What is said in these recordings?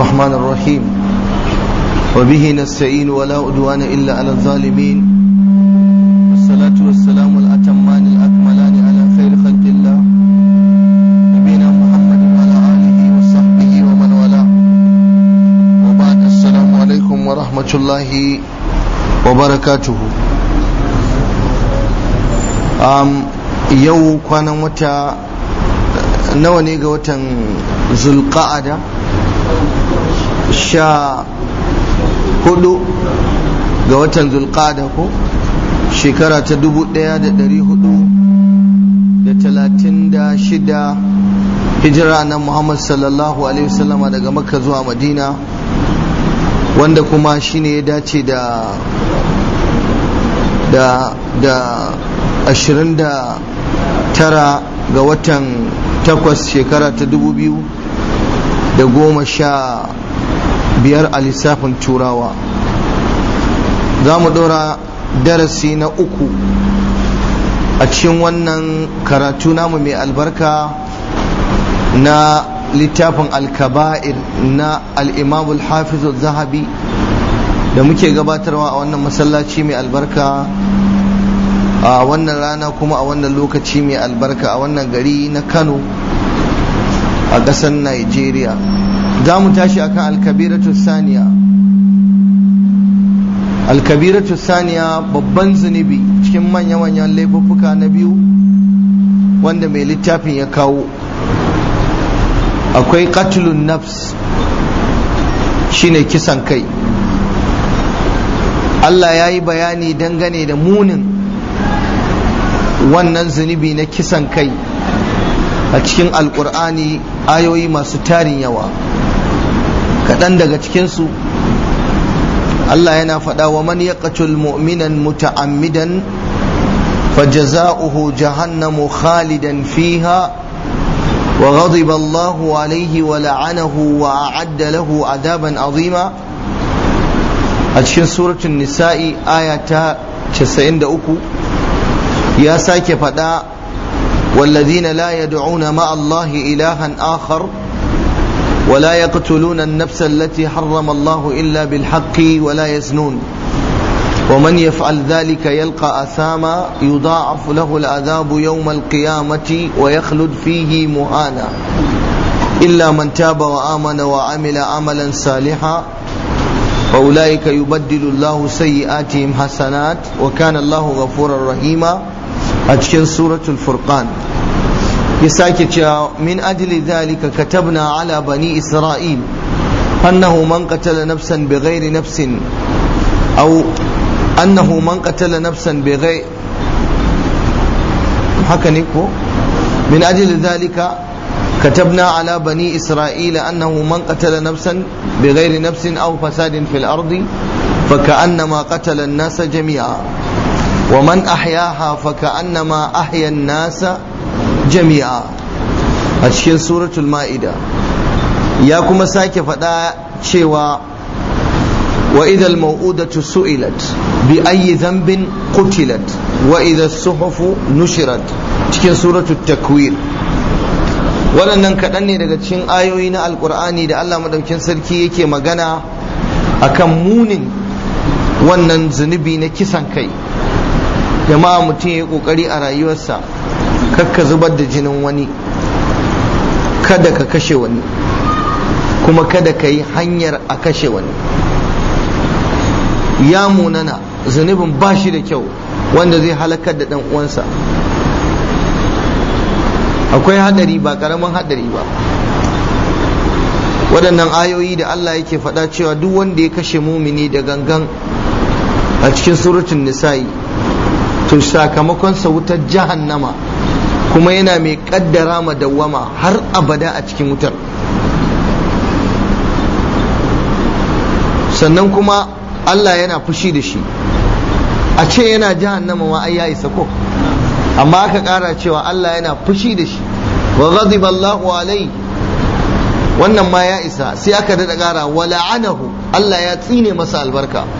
الرحمن الرحيم وبه نستعين ولا أدوان إلا على الظالمين والصلاة والسلام الأتمان الأكملان على خير خلق الله نبينا محمد وعلى آله وصحبه ومن والاه وبعد السلام عليكم ورحمة الله وبركاته um, yau kwanan wata nawa ne ga watan zulqa'ada sha hudu ga watan zulqada ko shekara ta dubu daya da dari hudu da talatin da shida hijira na muhammad sallallahu alaihi wasallama daga makka zuwa madina wanda kuma shine ya dace da da da ashirin da tara ga watan takwas shekara ta dubu biyu da goma sha biyar a lissafin turawa za mu ɗora darasi na uku a cikin wannan karatu namu mai albarka na littafin alkaba'ir na al'imamul hafizu zahabi da muke gabatarwa a wannan masallaci mai albarka a wannan rana kuma a wannan lokaci mai albarka a wannan gari na kano a ƙasar nigeria za mu tashi akan alkabiratu saniya alkabiratu saniya babban zunubi cikin manya-manyan laifuffuka na biyu wanda mai littafin ya kawo akwai katulun nafs shine kisan kai Allah ya yi bayani dangane da munin wannan zunubi na kisan kai a cikin alkur'ani ayoyi masu tarin yawa kaɗan daga cikinsu Allah yana faɗa wa man ya mu'minan muta'ammidan fajaza'uhu jahannamu khalidan fiha wa ghadiba Allahu alayhi wa la'anahu wa a'adda lahu adaban azima a cikin suratul nisa'i ayata 93 ya sake faɗa والذين لا يدعون مع الله إلها آخر ولا يقتلون النفس التي حرم الله إلا بالحق ولا يزنون ومن يفعل ذلك يلقى أثاما يضاعف له العذاب يوم القيامة ويخلد فيه مهانا إلا من تاب وآمن وعمل عملا صالحا فأولئك يبدل الله سيئاتهم حسنات وكان الله غفورا رحيما a cikin suratul furqan ya sake cewa min ajli dhalika katabna ala bani isra'il annahu man qatala nafsan bighairi nafsin aw annahu man qatala nafsan bighairi haka ne ko min ajli dhalika ومن أحياها فكأنما أحيا الناس جميعا أتشكين سورة المائدة يا كما ساكي فدا شيوا وإذا الموءودة سئلت بأي ذنب قتلت وإذا الصحف نشرت تشكين سورة التكوير waɗannan kaɗan ne daga cikin ayoyi na alkur'ani da allah maɗaukin sarki yake magana akan munin wannan zunubi na kisan kai jama'a mutum ya kokari a rayuwarsa kakka zubar da jinin wani kada ka kashe wani kuma kada ka yi hanyar a kashe wani ya munana zunubin ba shi da kyau wanda zai halakar da ɗan uwansa akwai hadari ba karamin hadari ba waɗannan ayoyi da Allah yake faɗa cewa duk wanda ya kashe mumini da gangan a cikin surutun nisa'i to sakamakon sa wutar jahannama kuma yana mai kaddara ma dawwama har abada a cikin wutar sannan kuma Allah yana fushi da shi a ce yana jahannama ma ai ya isa ko amma aka kara cewa Allah yana fushi da shi wa ghadiba Allahu alai wannan ma ya isa sai aka dada kara wa la'anahu Allah ya tsine masa albarka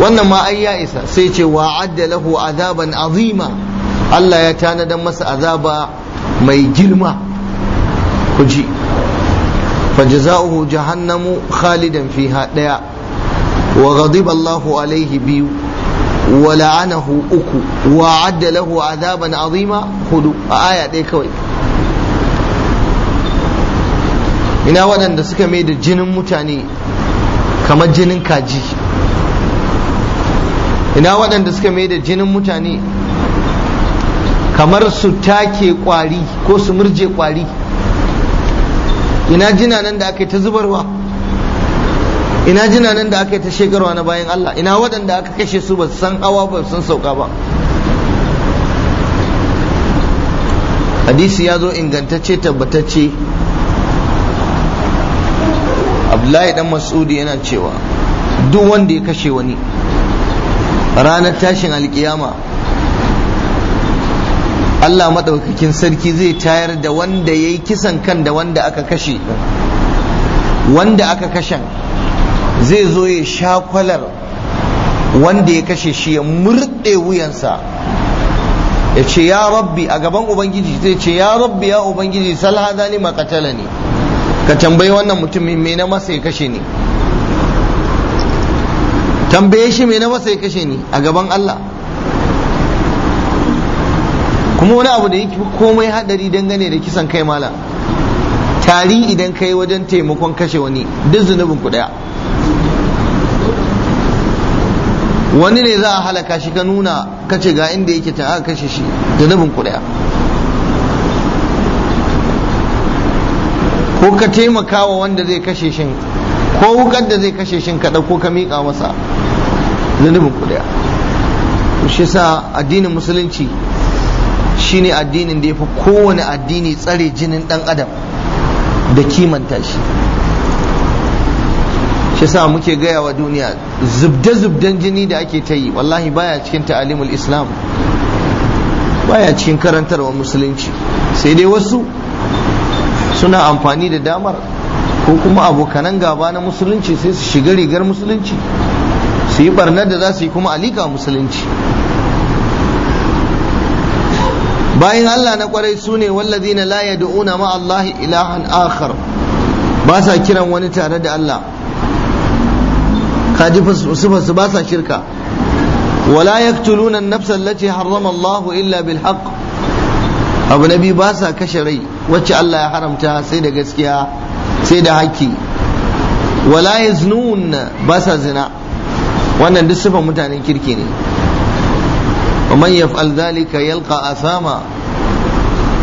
wannan ma ai ya isa sai ce wa'adda lahu azaban azima Allah ya tanadan masa azaba mai girma ku ji fa jahannamu khalidan fiha daya wa ghadiba Allahu alaihi biyu wa la'anahu uku wa adda lahu azaban azima hudu a aya ɗaya kawai ina waɗanda suka mai da jinin mutane kamar jinin kaji ina waɗanda suka mai da jinin mutane kamar su take kwari ko su murje kwari ina jina nan da aka yi ta zubarwa ina jina nan da aka yi ta shekarwa na bayan Allah ina waɗanda aka kashe su ba san hawa ba san sauka ba hadisi ya zo ingantacce tabbatacce abdullahi dan mas'udi yana cewa duk wanda ya kashe wani ranar tashin alkiyama Allah maɗaukakin sarki zai tayar da wanda ya yi kisan kan da wanda aka kashe wanda aka kashen zai zo ya sha kwalar wanda ya kashe shi ya murɗe wuyansa ya ce ya rabbi a gaban ubangiji zai ce ya rabbi ya ubangiji salha zani makatala ne ka tambayi wannan mutumin mai na masa ya kashe ne tambaye shi me na masa ya kashe ni a gaban Allah kuma wani abu da yake komai hadari dangane da kisan kai mala tari idan kai wajen taimakon kashe wani duk zunubin ku daya wani ne za a halaka shi ka nuna kace ga inda yake ta aka kashe shi zunubin ku daya ko ka taimaka wa wanda zai kashe shin ko wukar da zai kashe shin ka ɗauko ka miƙa masa zunubin ku daya shi sa addinin musulunci shine addinin da ya fi kowane addini tsare jinin dan adam da kimanta shi shi sa muke gaya wa duniya zubde zubdan jini da ake ta yi wallahi baya cikin ta'alimul islam baya cikin karantarwa musulunci sai dai wasu suna amfani da damar ko kuma abokanan gaba na musulunci sai su shiga rigar musulunci su yi barnar da za su yi kuma alika musulunci bayan Allah na kwarai su ne laye da una ma Allah ilahan akhar ba sa kiran wani tare da Allah kaji sifar su ba sa shirka wala yaqtuluna an-nafsa allati harrama Allah illa bil haqq abu nabi ba sa kashe rai wacce Allah ya haramta sai da gaskiya sai da haƙƙi wala yaznun ba sa zina wannan duk sifan mutanen kirki ne man yaf'al zalika yalqa asama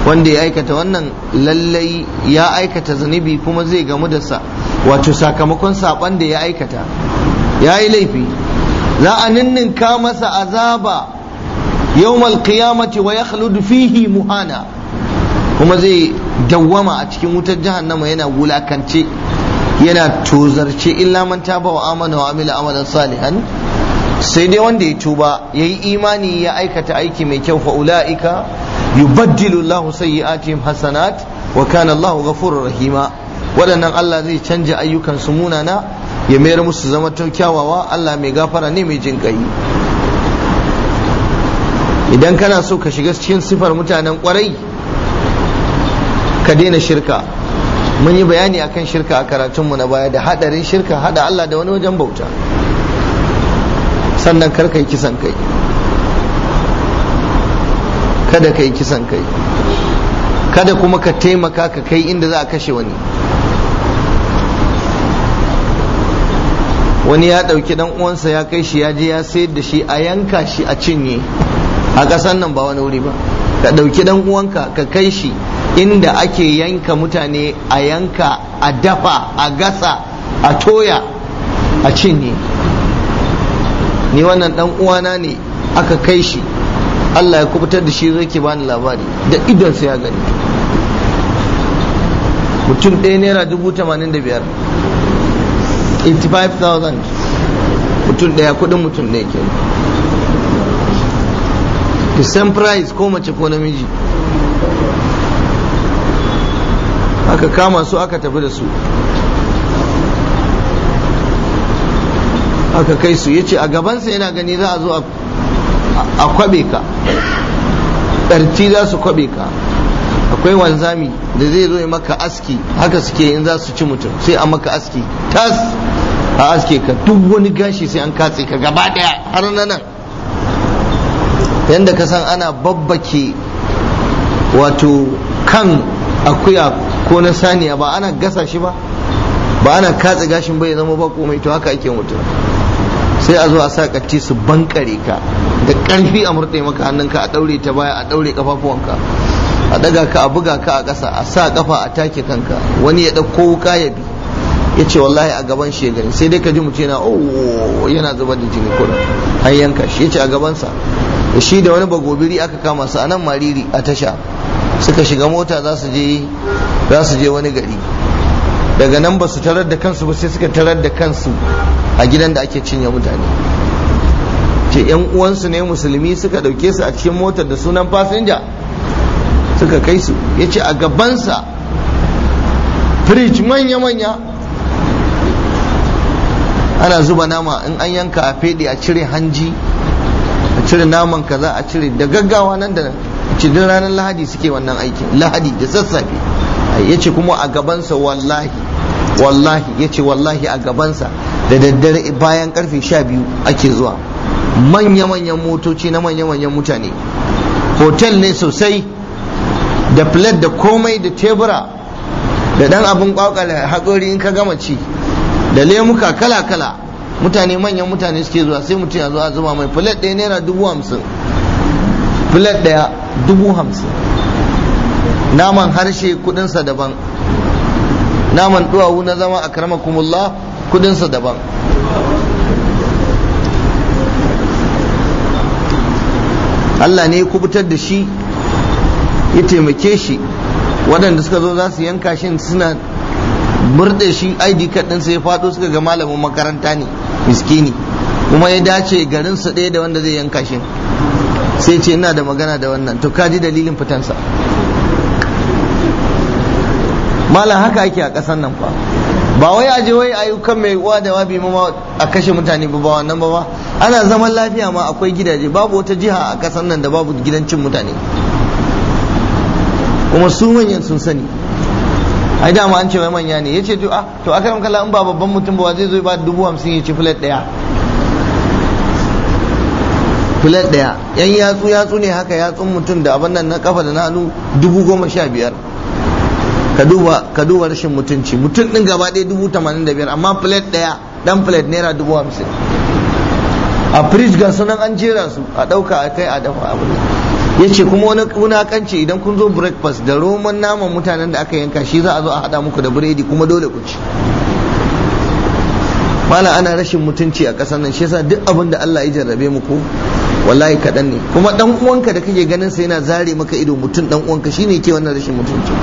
wanda ya aikata wannan lallai ya aikata zunubi kuma zai gamu da sa wato sakamakon saban da ya aikata ya yi laifi za a ninninka masa azaba yawmal qiyamati wa yakhludu fihi muhana kuma zai dawwama a cikin wutar jahannama yana wulakance yana tozarce illa man taba wa amana wa amila amalan salihan sai dai wanda ya tuba yi imani ya aikata aiki mai kyau fa ulaika yubaddilu Allahu sayyi'atihim hasanat wa kana Allahu ghafurur rahima waɗannan Allah zai canja ayyukan su munana ya mayar musu zama kyawawa Allah mai gafara ne mai jin kai idan kana so ka shiga cikin sifar mutanen kwarai ka daina shirka mun yi bayani akan shirka a karatunmu na baya da hadarin shirka hada Allah da wani wajen bauta sannan kar kai kisan kai kada kai kisan kai kada kuma ka taimaka ka kai inda za a kashe wani wani ya ɗauki ɗan uwansa ya kai shi ya je ya sayar da shi a yanka shi a cinye a ƙasan nan ba wani wuri ba ka ɗauki ɗan uwanka ka kai shi inda ake yanka mutane a yanka a dafa a gasa a toya a cinye ni wannan dan uwana ne aka kai shi Allah ya kubutar da shi zai ke bani labari da idon ya gani mutum ɗaya naira dubu tamanin da biyar 85,000 mutum ɗaya kudin mutum ɗaya ke the same price ko mace ko namiji aka kama su aka tafi da su aka kai su ya ce a gabansa yana gani za a zo a kwabe ka ɗarti za su kwabe ka akwai wanzami da zai zo maka aski haka suke in za su ci mutum sai a maka aski tas a aske ka duk wani gashi sai an katse ka gaba daya har na nan yadda ka san ana babbake wato kan akuya ko na saniya ba ana gasa shi ba ba ana katse gashin bai zama ba komai to haka ake mutum sai a zo a sa kacci su bankare ka da karfi a murɗe maka hannunka a ɗaure ta baya a ɗaure kafafuwanka a ɗaga ka a buga ka a ƙasa a sa kafa a take kanka wani ya ɗauko wuka ya bi ya ce wallahi a gaban shi gani sai dai ka ji mutum yana oh yana zubar da jini kuna har yanka shi ya ce a gabansa shi da wani bagobiri aka kama su a nan mariri a tasha suka shiga mota za su je za su je wani gari daga nan ba su tarar da kansu ba sai suka tarar da kansu a gidan da ake cinye mutane ce yan uwansu ne musulmi suka dauke su a cikin motar da sunan fasinja suka kai su ya ce a gabansa firij manya-manya ana zuba nama in an yanka a fede a cire hanji a cire naman kaza a cire da gaggawa nan da cidin ranar lahadi suke wannan aikin lahadi da sassafe wallahi yace kuma a gabansa wallahi wallahi yace wallahi a gabansa da daddare bayan karfe sha biyu ake zuwa manya-manyan motoci na manya-manyan mutane hotel ne sosai da plate da komai da tebura da dan abin kwakwala haƙori in ka gama ci da lemuka kala-kala mutane manyan mutane suke zuwa sai mutum ya zo a zuba mai plate ɗaya naira dubu hamsin ɗaya dubu hamsin naman harshe kudinsa daban naman duwawu na zama a karmakumullah kudinsa daban Allah ne ya kubutar da shi ya taimake shi waɗanda suka zo za su yanka shi suna murɗe shi ID card sai ya faɗo suka ga malamin makaranta ne miskini kuma ya dace garinsa ɗaya da wanda zai yanka shi sai ce ina da magana da wannan to kaji dalilin fitansa mala haka ake a ƙasar nan fa ba wai aje wai ayyukan mai uwa da wabi ma a kashe mutane ba ba wannan ba ba ana zaman lafiya ma akwai gidaje babu wata jiha a ƙasar nan da babu gidan cin mutane kuma su manyan sun sani ai dama an ce wai manya ne yace ah, to a to akaram kala in ba babban mutum ba zai zo ba dubu hamsin ya ci filet daya filet daya yan yatsu yatsu ne haka yatsun mutum da abin nan na kafa da na hannu dubu goma sha biyar ka duba ka duba rashin mutunci mutum din gaba ɗaya dubu tamanin da biyar amma plate ɗaya ɗan plate naira dubu hamsin a fridge ga sunan an jera su a ɗauka a kai a dafa abu ya ce kuma wani wulakanci idan kun zo breakfast da roman naman mutanen da aka yanka shi za a zo a haɗa muku da biredi kuma dole ku ci mala ana rashin mutunci a ƙasar nan shi yasa duk abin da Allah ya jarrabe muku wallahi kaɗan ne kuma ɗan uwanka da kake ganin sa yana zare maka ido mutum ɗan uwanka shine ke wannan rashin mutunci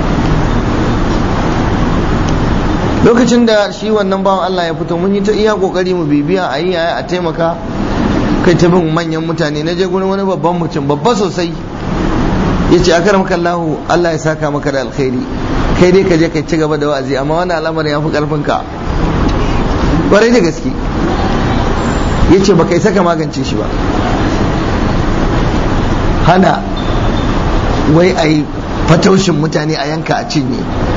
lokacin da shi wannan bawan Allah ya fito mun yi ta iya kokari mu bibiya a yi a taimaka kai ta bin manyan mutane na je gurin wani babban mutum babba sosai ya ce akaram kallahu Allah ya saka maka da alkhairi kai dai ka je kai ci gaba da wa'azi amma wani al'amarin ya fi karfin ka kwarai da gaske ya ce baka saka magance shi ba hana wai a yi fataushin mutane a yanka a cinye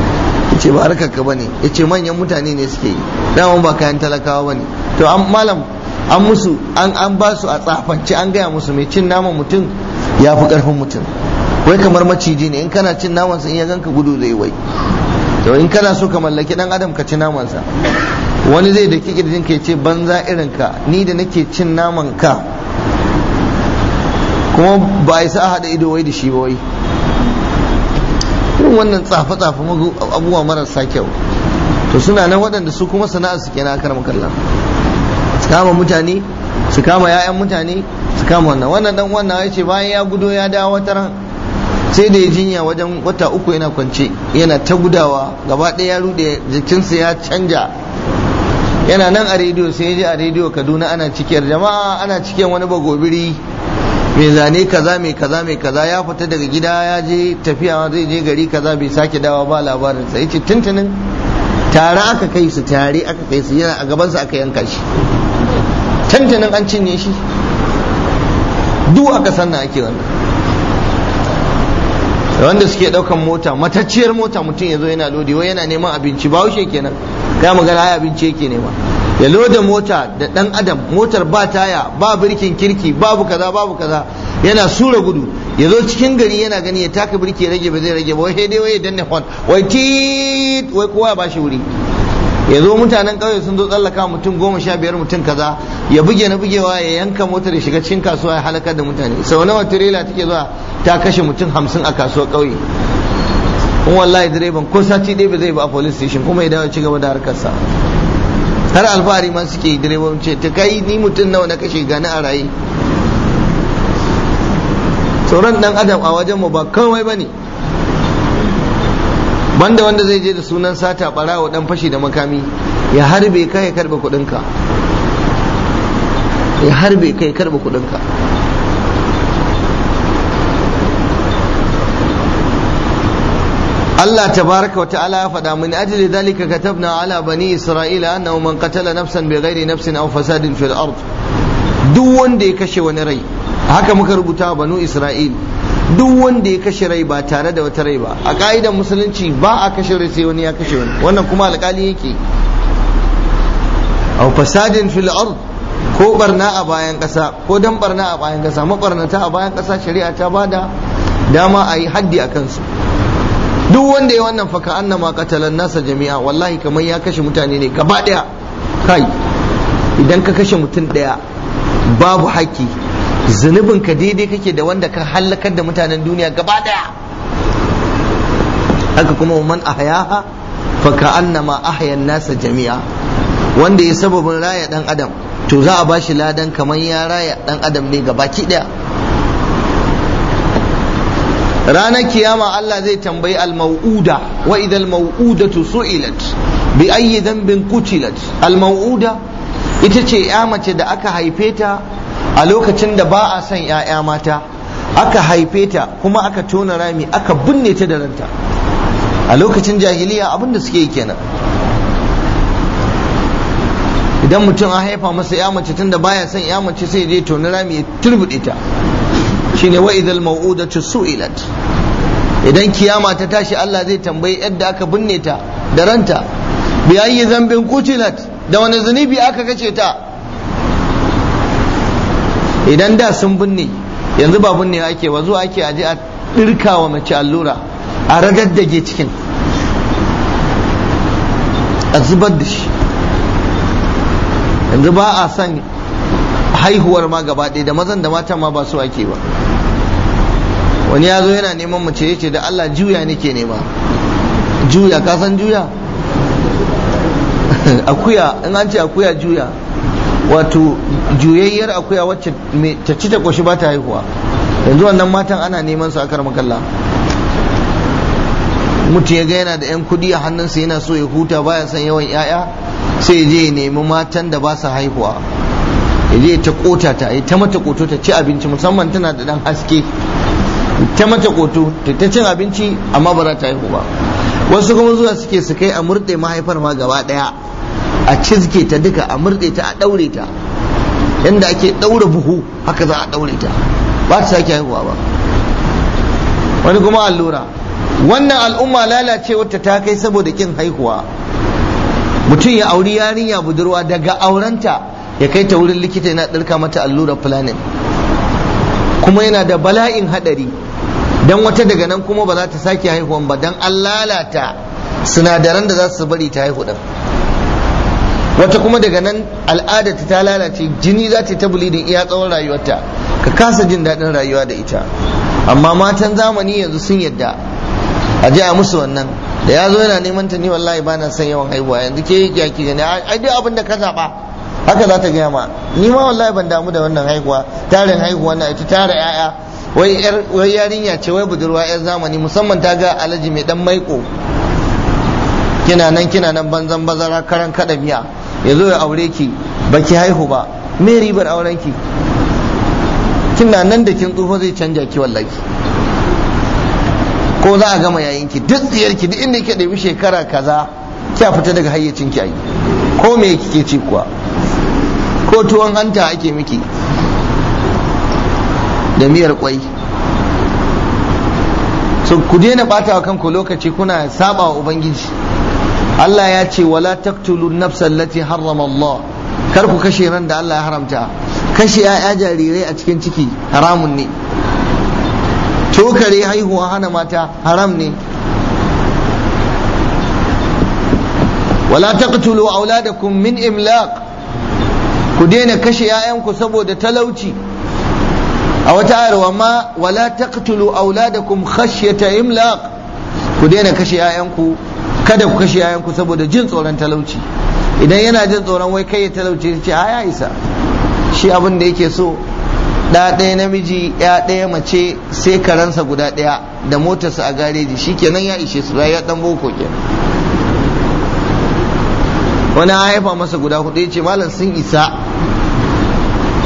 ce ba harkar ka bane ya ce manyan mutane ne suke yi dama ba kayan talakawa bane to an malam an musu an ba su a tsafance an gaya musu mai cin naman mutum ya fi karfin mutum wai kamar maciji ne in kana cin namansa in ya ganka gudu zai wai to in kana so ka mallaki dan adam ka ci namansa wani zai daki kirjin ka ce banza irin ka ni da nake cin naman ka kuma ba isa haɗa ido wai da shi ba wai irin wannan tsafe-tsafe abubuwa marasa kyau to suna nan waɗanda su kuma sana'a su kenan akar makallan su kama mutane su kama 'ya'yan mutane su kama wannan wannan dan wannan ya ce bayan ya gudo ya dawo wata ran sai da ya jinya wajen wata uku yana kwance yana ta gudawa gaba ɗaya ya rude jikinsa ya canja yana nan a rediyo sai ya ji a rediyo kaduna ana cikiyar jama'a ana cikin wani bagobiri mai zane kaza mai kaza mai kaza ya fita daga gida ya je tafiya zai je gari kaza bai sake dawa ba labarin sa yace tuntunin tare aka kai su tare aka kai su yana a gabansa aka yanka shi tuntunin an cinye shi duk aka sanna ake wannan wanda suke daukan mota matacciyar mota mutum ya zo yana lodi wai yana neman abinci ba kenan ya magana ai abinci yake nema ya loda mota da dan adam motar ba taya ba birkin kirki babu kaza babu kaza yana sura gudu ya zo cikin gari yana gani ya taka birki rage ba zai rage ba wai dai wai danne hon wai tit wai kowa ba shi wuri ya zo mutanen ƙauye sun zo tsallaka mutum goma sha biyar mutum kaza ya buge na bugewa ya yanka motar ya shiga cikin kasuwa ya halakar da mutane sau nawa tirela take zuwa ta kashe mutum hamsin a kasuwar kauye. kuma wallahi direban ko sati ɗaya ba zai ba a police station kuma ya dawo ci gaba da harkarsa har alfahari ma suke direbobin ce ta kai ni mutum nawa na kashe gani a raye tsoron dan adam a wajen mu ba kawai ne banda wanda zai je da sunan sata barawa dan fashi da makami ya harbe kai ya kudinka ya harbe kai karbe kudinka Allah tabaraka wa ta'ala ya faɗa min ajli dhalika katabna ala bani isra'ila annahu man qatala nafsan bighairi nafsin aw fasadin fil ard duk wanda ya kashe wani rai haka muka rubuta banu isra'il duk wanda ya kashe rai ba tare da wata rai ba a ka'idar musulunci ba a kashe rai sai wani ya kashe wani wannan kuma alƙali yake aw fasadin fil ard ko barna a bayan ƙasa ko dan barna a bayan ƙasa mabarnata a bayan ƙasa shari'a ta bada dama a yi haddi a kansu duk wanda ya wannan faka annama katalan nasa jami'a wallahi kamar ya kashe mutane ne gaba daya kai idan ka kashe mutum daya babu haƙƙi zunubin ka daidai kake da wanda ka halakar da mutanen duniya gaba daya haka kuma man ahyaha fa ka'annama ahya nasa jami'a wanda ya sababin raya dan adam to za a bashi ladan kamar ya raya dan adam ne gabaki daya ranar kiyama Allah zai tambayi al-mau'uda wa idal mau'udatu su'ilat bi ayyi dhanbin qutilat al-mau'uda ita ce ya mace da aka haife ta a lokacin da ba a son ya'ya mata aka haife ta kuma aka tona rami aka binne ta da ranta a lokacin jahiliya abin da suke kenan idan mutum a haifa masa ya mace tunda baya son ya mace sai je tona rami ya turbude ta shine wa idal mau'udatu su'ilat idan kiyama ta tashi Allah zai tambayi yadda aka binne ta da ranta bi ayyi zambin kutilat da wani zunubi aka kace ta idan da sun binne yanzu ba binne ake ba zuwa ake aje a dirka wa mace allura a ke cikin a zubar da shi yanzu ba a san haihuwar ma gaba ɗaya da mazan da matan ma ba su ake ba wani ya zo yana neman mace ya ce da Allah juya nake nema juya ka san juya akuya in an ce akuya juya wato juyayyar akuya wacce ta ci ta koshi ba ta haihuwa yanzu wannan matan ana neman su a kar makalla mutum ya ga yana da yan kudi a hannunsa yana so ya huta baya son yawan yaya sai ya je ya nemi matan da ba su haihuwa zai ta kota ta ta mata koto ta ci abinci musamman tana da dan haske ta mata koto ta cin abinci amma ba za ta haihu ba wasu kuma zuwa suke su kai a murɗe mahaifar ma gaba ɗaya a cizke ta duka a murɗe ta a ɗaure ta yadda ake ɗaure buhu haka za a ɗaure ta ba ta sake haihuwa ba wani kuma allura wannan al'umma lalacewarta ta kai saboda kin haihuwa mutum ya auri yarinya budurwa daga aurenta ya kai ta wurin likita yana ɗarka mata allurar planin kuma yana da bala'in haɗari don wata daga nan kuma ba za ta sake haihuwan ba don an lalata sinadaran da za su bari ta haihu ɗin wata kuma daga nan al'ada ta lalace jini za ta bulidin iya tsawon rayuwarta ka kasa jin daɗin rayuwa da ita amma matan zamani yanzu sun yadda a ji a musu wannan da ya zo yana neman ta ni wallahi bana son yawan haihuwa yanzu ke yi gani ai duk abin da ka zaɓa haka za ta gaya ma ni ma wallahi ban damu da wannan haihuwa tarin haihuwa na ita tara yaya wai yarinya ce wai budurwa yar zamani musamman ta ga alaji mai dan maiko kina nan kina nan banzan bazara karan kada miya yazo zo ya aure ki baki haihu ba me ribar auren ki kina nan da kin tsufa zai canja ki wallahi ko za a gama yayin ki duk tsiyar ki duk inda kike ɗebi shekara kaza kya fita daga hayyacin ki ai ko me kike ci kuwa ko tuwon hanta ake miki da miyar kwai so ku daina bata wa kanku lokaci kuna saba wa ubangiji Allah ya ce wala taqtulu nafsa allati harrama Allah kar ku kashe ran da Allah ya haramta kashe ya'ya jarirai a cikin ciki haramun ne tokare haihuwa hana mata haram ne wala taqtulu auladakum min imlaq ku daina kashe 'ya'yanku saboda talauci a wata ayar wa ma wala taqtulu auladakum khashyata imlaq ku daina kashe 'ya'yanku kada ku kashe 'ya'yanku saboda jin tsoron talauci idan yana jin tsoron wai kai ya talauci ce a ya isa shi abin da yake so da ɗaya namiji ya ɗaya mace sai karansa guda ɗaya da motarsa a gareji shikenan ya ishe su ya dan boko kenan wani haifa masa guda hudu ya ce malam sun isa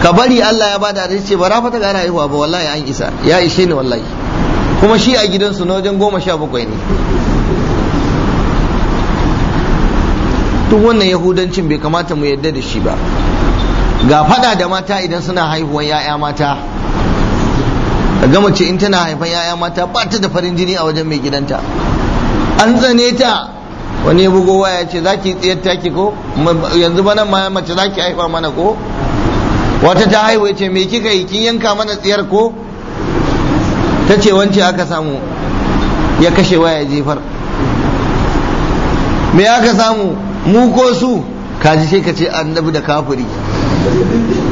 ka bari Allah ya bada da yace ba rafa ta gara haihuwa ba wallahi an isa ya ishe ni wallahi kuma shi a gidansu na wajen goma sha bakwai ne duk wannan yahudancin bai kamata mu yadda da shi ba ga fada da mata idan suna haihuwan 'ya'ya mata gama ce in tana haifan 'ya'ya mata ba ta da farin jini a wajen mai gidanta an tsane ta wani ya bugo waya ce za ki tsayar taki ko yanzu bana ma mace za ki haifa mana ko wata ta haihu ce me kika yi kin yanka mana tsayar ko ta ce wance aka samu ya kashe waya jefar me aka samu mu ko su kaji sai ka ce annabi da kafiri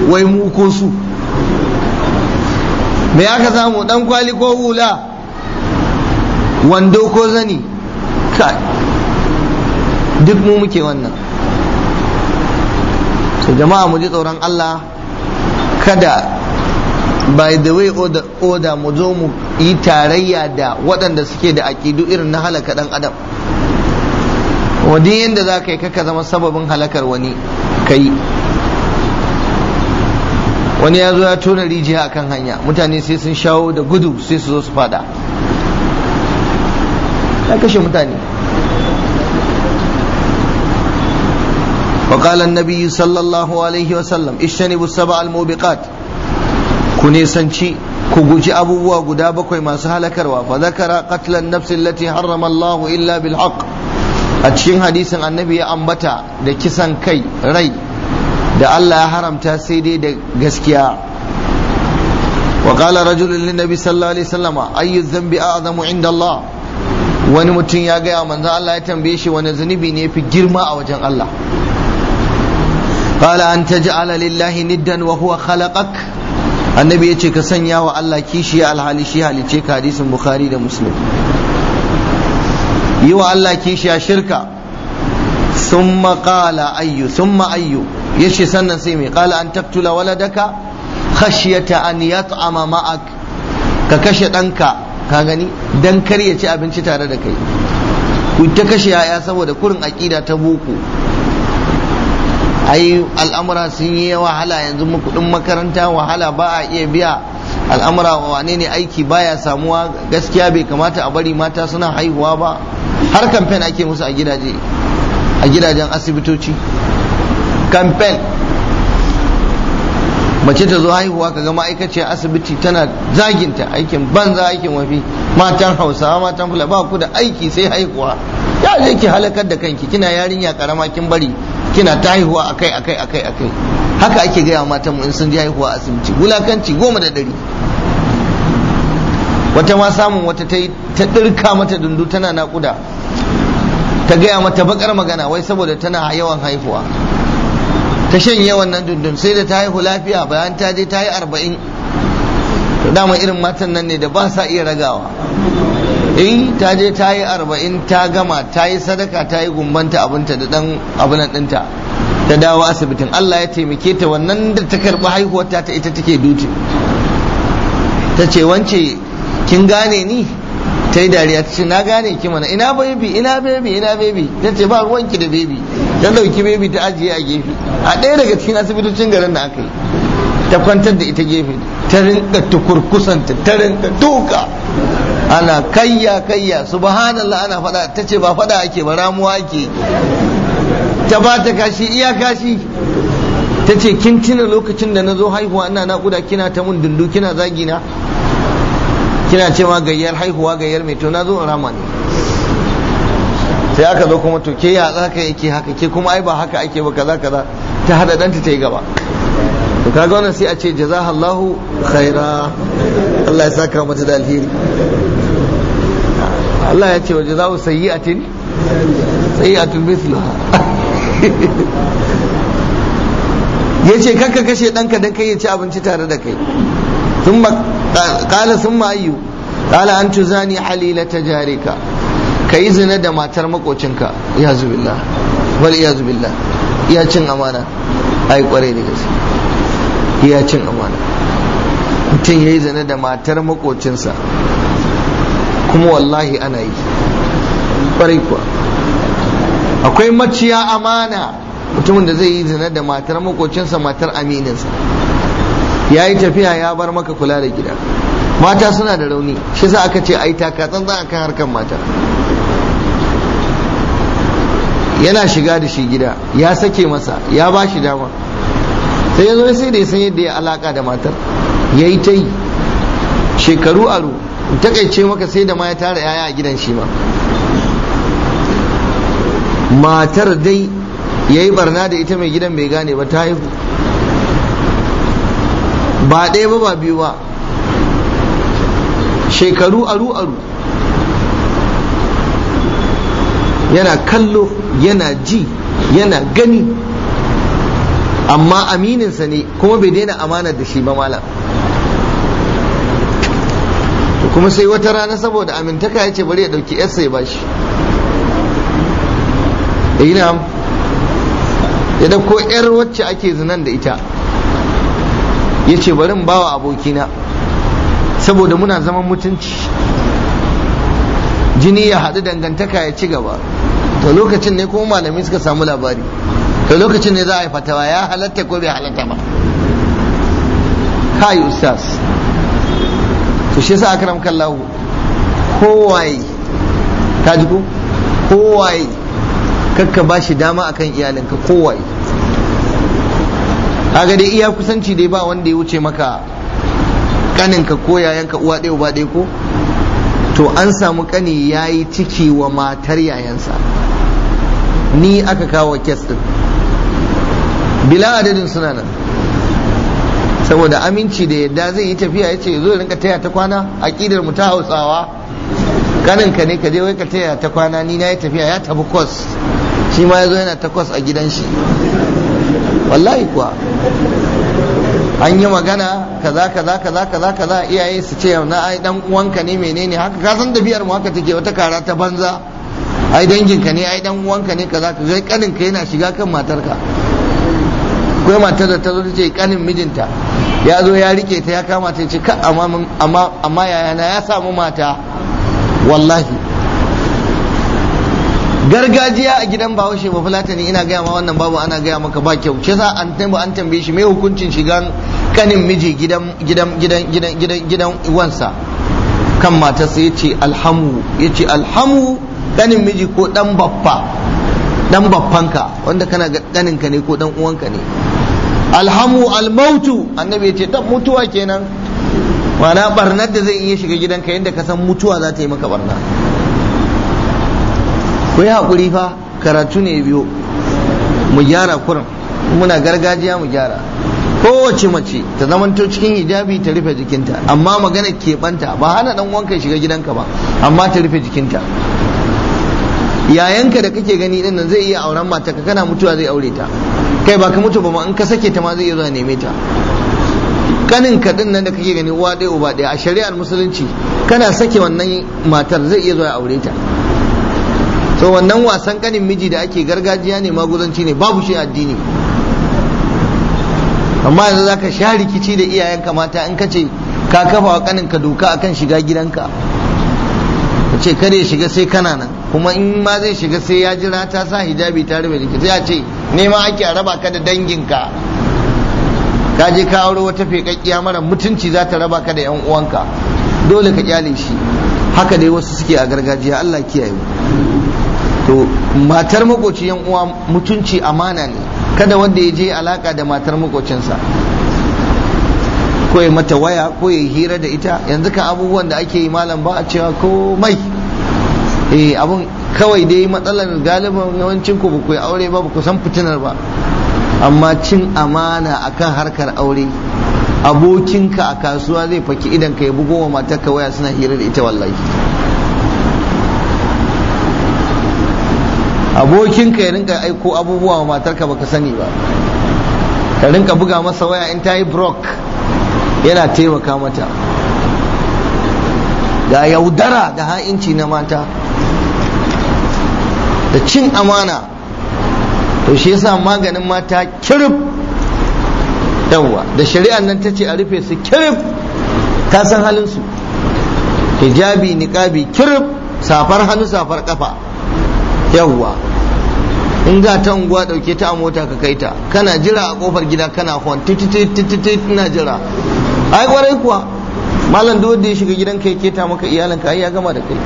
wai mu ko su me aka samu dan kwali ko hula wando ko zani duk mu muke wannan so jama'a mu ji tsoron Allah kada by the way order, mu zo mu yi tarayya da waɗanda suke da aƙidu irin na halaka ɗan adam wadin yadda za ka yi kaka zama sababin halakar wani kai wani ya zo ya tona rijiya a kan hanya mutane sai sun shawo da gudu sai su zo su fada ya kashe mutane وقال النبي صلى الله عليه وسلم اجتنبوا السبع الموبقات كوني سنشي كوجي أبو وغدا بكوي ما سهل كروا فذكر قتل النفس التي حرم الله إلا بالحق أتشين حديث النبي أنبتا لكسن كي ري da Allah ya haramta sai dai da gaskiya wa qala rajulun lin nabi sallallahu alaihi wasallam ayyu dhanbi a'zamu inda Allah wani mutum ya gaya manzo Allah ya tambaye shi wani zunubi ne fi girma a wajen Allah qala an taj'ala lillahi niddan wa huwa khalaqak annabi yace ka sanya wa Allah kishi alhali shi halice ka hadisin bukhari da muslim yi wa Allah kishiya shirka summa qala ayyu summa ayyu yace sannan sai mai qala an taktula waladaka khashyata an yat'ama ma'ak ka kashe danka ka gani dan kar ya ci abinci tare da kai ku ta kashe yaya saboda kurin aqida ta boko ai al'amura sun yi wahala yanzu kudin makaranta wahala ba a iya biya al'amura wane ne aiki baya samuwa gaskiya bai kamata a bari mata suna haihuwa ba har kamfen ake musu a gidaje a gidajen asibitoci kamfen mace ta zo haihuwa ka ga ma'aikaciyar asibiti tana zaginta aikin banza aikin wafi matan hausawa matan fula ba ku da aiki sai haihuwa ya je ki halakar da kanki kina yarinya karama kin bari kina ta haihuwa akai akai akai akai haka ake gaya matan mu in sun ji haihuwa asibiti wulakanci goma da ɗari wata ma samun wata ta ta ɗirka mata dundu tana naƙuda ta gaya mata bakar magana wai saboda tana yawan haihuwa ta shanye wannan dundun sai da ta haihu lafiya bayan ta je ta yi arba'in dama irin matan nan ne da ba sa iya ragawa eh ta je ta yi arba'in ta gama ta yi sadaka ta yi gumbanta abinta da dan abunan dinta. ta dawo asibitin Allah ya taimake ta wannan da ta karɓi haihuwar ta ita take duti ta ce wance kin gane ni ta yi dariya ta ce na gane ki mana ina baby ina baby ina baby ta ce ba ruwanki da baby ta dauki baby ta ajiye a gefe a ɗaya daga cikin asibitocin garin da aka yi ta kwantar da ita gefe ta rinka tukurkusanta ta rinka tuka ana kayya kayya subhanallah ana faɗa ta ce ba faɗa ake ba ramuwa ake ta ba ta kashi iya kashi ta ce kin tuna lokacin da na zo haihuwa ina naƙuda kina ta mun dundu kina zagi na kina ce ma gayyar haihuwa gayyar mai to na zo rama ne sai aka zo kuma to ke ya za ka yake haka ke kuma ai ba haka ake ba kaza kaza ta hada danta ta yi gaba to kaga wannan sai a ce jazahallahu khaira Allah ya saka mata da alheri Allah ya ce waje za su sayi atin? sayi atin misluha ya ce kanka kashe ɗanka don kai ya ci abinci tare da kai kala sun ma ayyu kala an tu zani halila ta jare ka ka yi zina da matar makocinka ya zubilla wal ya zubilla ya cin amana A yi kwarai da gaske ya cin amana mutum ya yi zina da matar makocinsa kuma wallahi ana yi kwarai kuwa akwai maciya amana mutumin da zai yi zina da matar makocinsa matar amininsa ya yi tafiya ya bar maka kula da gida mata suna da rauni shi sa aka ce ai taka tsantsan kan harkar mata yana shiga da shi gida ya sake masa ya ba shi dama sai ya zo sai da ya san yadda ya alaka da matar ya yi ta yi shekaru aru. in takaice maka sai da ma ya tara yaya a gidan shi ma matar dai ya yi barna da ita mai gidan bai gane ba ta haihu ba ɗaya ba ba biyu ba shekaru aru aru yana kallo yana ji yana gani amma amininsa ne kuma bai daina amanar da shi ba malam kuma sai wata rana saboda amintaka ya ce bari ya ɗauki yarsa ya bashi ina eh, ya ɗauko yar wacce ake zinan da ita ya ce bari bawa abokina saboda muna zaman mutunci jini ya haɗu dangantaka ya ci gaba to lokacin ne kuma malami suka samu labari to lokacin ne za a yi fatawa ya halatta ko bai halatta ba kai ustaz to shi yasa akram kallahu kowaye ka ji ko kowaye kakka ba shi dama akan iyalinka kowaye kaga dai iya kusanci dai ba wanda ya wuce maka kaninka ko yayanka uwa ɗaya uba ɗaya ko to an samu kani ya yi ciki wa matar yayansa ni aka kawo kes ɗin. bila adadin suna nan saboda aminci da yadda zai yi tafiya ya ce zo rinka taya ta kwana a ƙidar mu ta hausawa kanin ka ne ka je wai ka taya ta kwana ni na yi tafiya ya tafi kwas shi ma ya zo yana ta kwas a gidan shi wallahi kuwa an yi magana kaza kaza kaza kaza kaza iyaye su ce na ai dan uwanka ne menene haka ka san tafiyar mu haka take wata kara ta banza ai danginka ne ai dan uwanka ne kaza ka kai kanin ka yana shiga kan matarka akwai matar da ta zo ta ce kanin mijinta ya zo ya rike ta ya kama ta ce ka amma yayana ya samu mata wallahi gargajiya a gidan bahaushe ba ne ina gaya ma wannan babu ana gaya maka ba kyau shi sa an an tambaye shi mai hukuncin shigan kanin miji gidan gidan gidan gidan gidan gidan uwansa kan matarsa sai yace alhamu yace alhamu kanin miji ko dan baffa dan baffanka wanda kana ga ɗaninka ne ko dan uwanka ne alhamu almautu annabi ya ce dan mutuwa kenan ma'ana barnar da zai iya shiga gidanka yadda ka san mutuwa za ta yi maka barna ku yi haƙuri fa karatu ne biyo mu gyara kurin muna gargajiya mu gyara kowace mace ta zamanto cikin hijabi ta rufe jikinta amma magana keɓanta ba hana dan wanka shiga gidanka ba amma ta rufe jikinta yayanka da kake gani din zai iya auren mata ka kana mutuwa zai aure ta kai ba mutu ba ma in ka sake ta ma zai iya zuwa neme ta kanin din nan da kake gani uwa ɗaya uba ɗaya a shari'ar musulunci kana sake wannan matar zai iya zuwa aure ta to wannan wasan kanin miji da ake gargajiya ne maguzanci ne babu shi addini amma yanzu zaka sha rikici da iyayenka mata in ka ce ka kafa wa kaninka doka akan shiga gidanka ka ce kada ya shiga sai kana nan kuma in ma zai shiga sai ya jira ta sa hijabi ta rufe jiki sai a ce nema ake raba ka da danginka ka je ka aure wata fekakkiya mara mutunci za ta raba ka da yan uwanka dole ka kyale shi haka dai wasu suke a gargajiya Allah kiyaye to matar makoci yan uwa mutunci amana ne kada wanda ya je alaka da matar makocinsa ko ya mata waya ko ya hira da ita yanzu ka abubuwan da ake yi malam ba a cewa komai eh abun kawai dai matsalar galibin yawancin ku ku aure ba ku san fitinar ba amma cin amana akan harkar aure abokinka a kasuwa zai faki idan ka ya bugo wa ka waya suna hira da ita wallahi abokinka ya rinka aiko abubuwa wa matar ka baka sani ba ka rinka buga masa waya in ta yi brok yana taimaka mata ga yaudara da ha'inci na mata da cin amana to shi yasa maganin mata kirif yawwa da shari'an nan ta ce a rufe su kirif ta san halinsu hijabi niqabi kirif safar hannu safar kafa yawwa in za ta unguwa dauke ta a mota ka kai ta kana jira a kofar gida kana hon na jira ai kwarai kuwa malam duk ya shiga gidan ya keta maka iyalanka ai ya gama da kai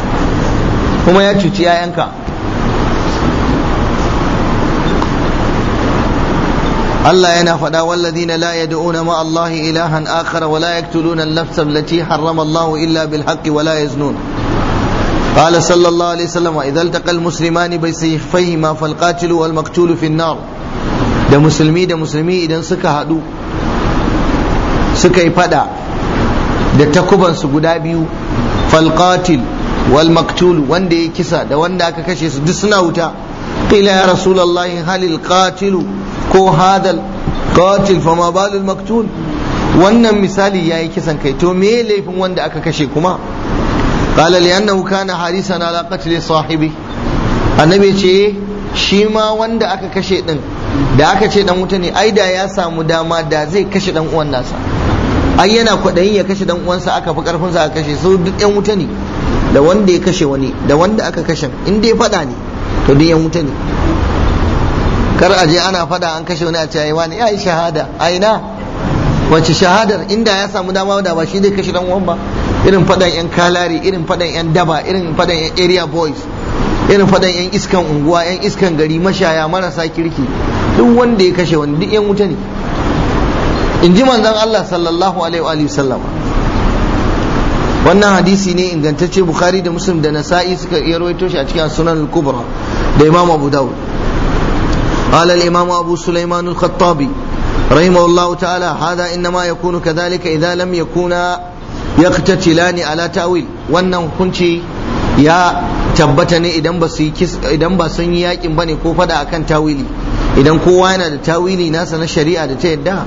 kuma ya cuci 'ya'yanka Allah yana faɗa walladhina la yad'una ma Allah ilahan akhar wa la yaqtuluna an-nafs allati harrama Allah illa bil haqqi wa la yaznun قال صلى الله عليه وسلم إذا التقى المسلمان بسيفيهما فالقاتل والمقتول في da musulmi da musulmi idan suka haɗu suka yi fada da takubansu guda biyu falqatil wal maktul wanda ya kisa da wanda aka kashe su duk suna wuta qila ya rasulullahi halil katilu. ko hadal qatil ma balul maktul wannan misali yayi kisan kai to me laifin wanda aka kashe kuma qala li annahu kana harisan ala qatl sahibi annabi ce eh, shi ma wanda aka kashe din da aka ce dan wuta ne ai da ya samu dama da zai kashe dan uwan nasa ai yana kwaɗayin ya kashe dan uwansa aka fi karfin sa aka kashe su duk yan wuta ne da wanda ya kashe wani da wanda aka kashe in dai faɗa ne to duk yan wuta ne kar a je ana fada an kashe wani a ce wani ya yi shahada aina wace shahadar inda ya samu dama da ba shi zai kashe dan uwan ba irin fadan yan kalari irin fadan yan daba irin fadan yan area boys irin fadan yan iskan unguwa yan iskan gari mashaya marasa kirki duk wanda ya kashe wani duk yan wuta ne in ji manzon Allah sallallahu alaihi wa sallam wannan hadisi ne ingantacce bukhari da muslim da nasa'i suka yarwaito shi a cikin sunan al-kubra da imam abu dawud قال الإمام أبو سليمان الخطابي رحمه الله تعالى هذا إنما يكون كذلك إذا لم يكونا يقتتلان على تأويل وأنه كنت يا tabbata ne idan ba su yi idan ba sun yi yakin bane ko fada akan tawili idan kowa yana da tawili nasa na shari'a da ta yadda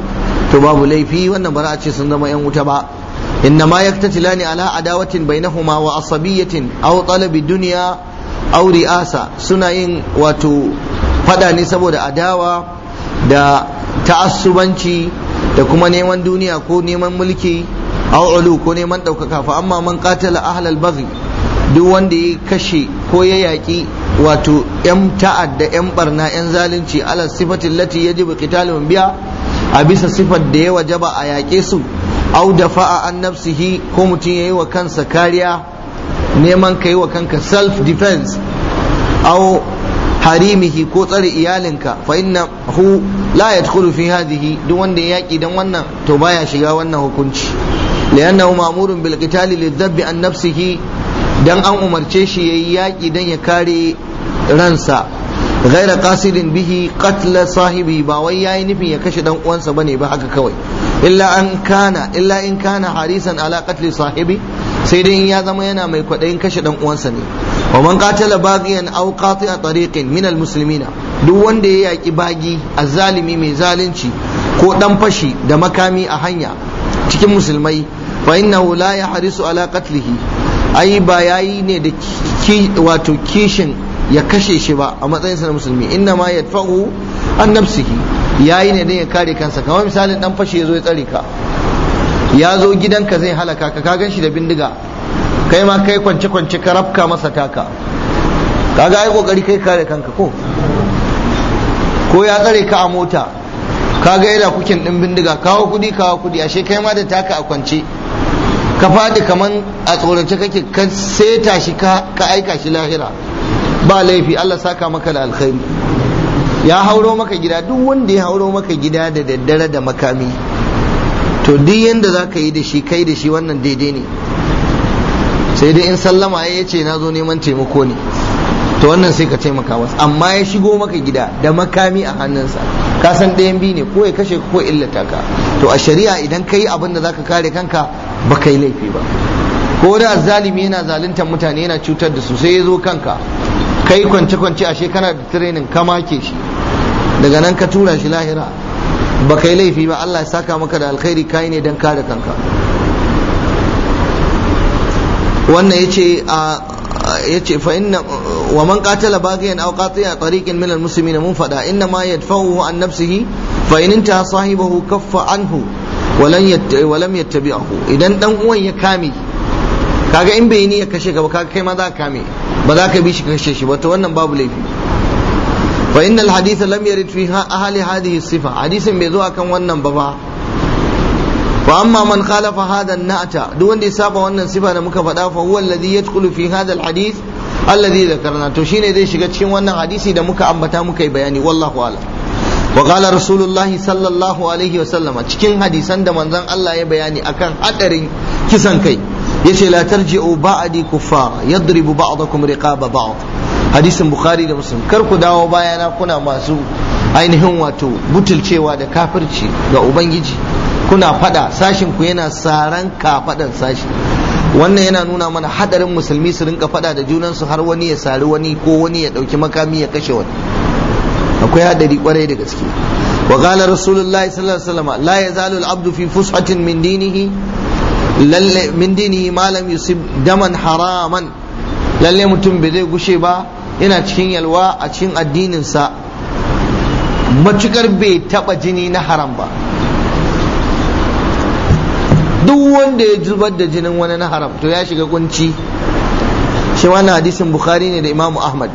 to babu laifi wannan ba za a ce sun zama yan wuta ba inna ma yaktatilani ala adawatin bainahuma wa asabiyatin aw talabi dunya aw ri'asa suna yin wato fada ne saboda adawa da ta'assubanci da kuma neman duniya ko neman mulki aw ulu ko neman ɗaukaka fa amma man qatala ahlal baghi duk wanda ya kashe ko ya yaƙi wato yan ta'adda yan barna yan zalunci ala sifatin lati yajibu qitalun biya a bisa sifar da ya wajaba a yaƙe su au dafa'a an nafsihi ko mutum yayi wa kansa kariya neman yi wa kanka self defense au harimihi ko tsare iyalinka fa inna hu la yadkhulu fi duk wanda ya yaki dan wannan to baya shiga wannan hukunci li'annahu ma'murun bil qitali lidhabbi an nafsihi dan an umarce shi yayi yaki dan ya kare ransa gaira kasirin bihi qatla sahibi ba wai yayi nufin ya kashe dan uwansa bane ba haka kawai illa in kana harisan ala qatli sahibi sai dai in ya zama yana mai kwadayin kashe dan uwansa ne wa man qatala baghiyan aw qati'a tariqin min almuslimina duk wanda ya yaki bagi zalimi mai zalunci ko dan fashi da makami a hanya cikin musulmai fa innahu la harisu ala qatlihi ai ba yayi ne da wato kishin ya kashe shi ba a matsayinsa na musulmi inna ma yadfa'u an nafsihi yayi ne dan ya kare kansa kamar misalin dan fashi ya zo ya tsare ka ya zo gidanka zai halaka ka ka gan shi da bindiga kai ma kai kwance kwance ka rafka masa taka kaga ai kokari kai kare kanka ko ko ya tsare ka a mota kaga yana kukin din bindiga kawo kudi kawo kudi ashe kai ma da taka a kwance ka faɗi kaman a tsorace kake ka seta shi ka aika shi lahira ba laifi Allah saka maka da alkhairi ya hauro maka gida duk wanda ya hauro maka gida da daddare da makami to duk yanda zaka yi da shi kai da shi wannan daidai ne sai dai in sallama ya ce na zo neman taimako ne to wannan sai ka taimaka masa amma ya shigo maka gida da makami a hannunsa ka san ɗayan biyu ne ko ya kashe ko illata ka to a shari'a idan ka yi abin da zaka kare kanka ba kai laifi ba ko da zalimi yana zaluntar mutane yana cutar da su sai ya zo kanka kai kwance kwance ashe kana da training ka make shi daga nan ka tura shi lahira ba kai laifi ba Allah ya saka maka da alkhairi kai ne dan kare kanka wannan ya ce fa inna wa man qatala bagiyan aw qati'a tariqin min almuslimin mun fada inna ma yadfa'uhu an nafsihi fa in intaha sahibahu kaffa anhu walan walam yattabi'ahu idan dan uwan ya kame kaga in bai ni ya kashe gaba ba kaga kai ma za ka kame ba za ka bi shi kashe shi ba to wannan babu laifi fa innal haditha lam yarid fi ahli hadhihi sifa hadisin bai zo akan wannan ba ba wa amma man khalafa hadha an-na'ta duk wanda ya saba wannan sifa da muka faɗa fa huwa alladhi yadkhulu fi hadha al shine zai shiga cikin wannan hadisi da muka ambata muka yi bayani wallahu ala wa qala rasulullahi sallallahu alaihi wa sallama cikin hadisan da manzon Allah ya bayani akan hadarin kisan kai yace la tarji'u ba'di kuffar yadribu ba'dakum riqaba ba'd hadisin bukhari da muslim kar ku dawo bayana kuna masu ainihin wato butulcewa da kafirci ga ubangiji kuna fada sashin ku yana saran fadan sashi wannan yana nuna mana hadarin musulmi su rinka fada da junan su har wani ya sari wani ko wani ya dauki makami ya kashe wani akwai hadari kwarai da gaske wa qala rasulullahi sallallahu alaihi wasallam la yazalu al-abdu fi fushatin min dinihi lalle min dinihi ma lam yusib daman haraman lalle mutum bai zai gushe ba yana cikin yalwa a cikin addinin sa matukar bai taba jini na haram ba duk wanda ya zubar da jinin wani na haram to ya shiga kunci shi wannan hadisin bukhari ne da imamu ahmad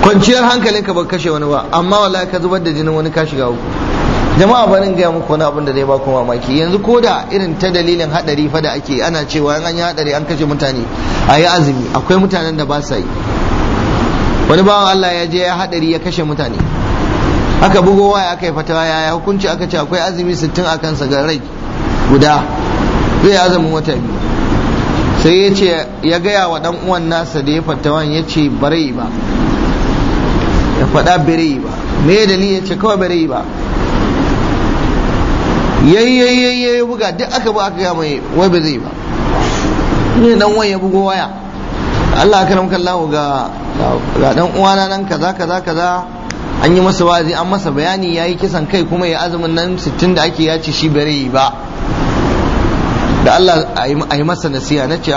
kwanciyar ka bar kashe wani ba amma wallahi ka zubar da jinin wani ka shiga uku jama'a barin gaya muku wani abin da zai baku mamaki yanzu ko da irin ta dalilin hadari fa da ake ana cewa in an yi hadari an kashe mutane a yi azumi akwai mutanen da ba sa yi wani bawan Allah ya je ya hadari ya kashe mutane aka bugo waya aka yi fatawa yaya hukunci aka ce akwai azumi sittin a kansa ga rai guda zai azumin wata biyu sai ya ce ya gaya wa dan uwan nasa da ya fattawan ya ce bari ba ya faɗa bari ba me dalili ya ce kawai bari ba yayi ya buga duk aka ba aka gama wai ba zai ba ne dan wani ya bugo waya Allah aka ramka Allah ga ga dan uwana nan kaza kaza kaza an yi masa wazi, an masa bayani yayi kisan kai kuma ya azumin nan 60 da ake ya ce shi bari ba da Allah a yi masa nasiya na ce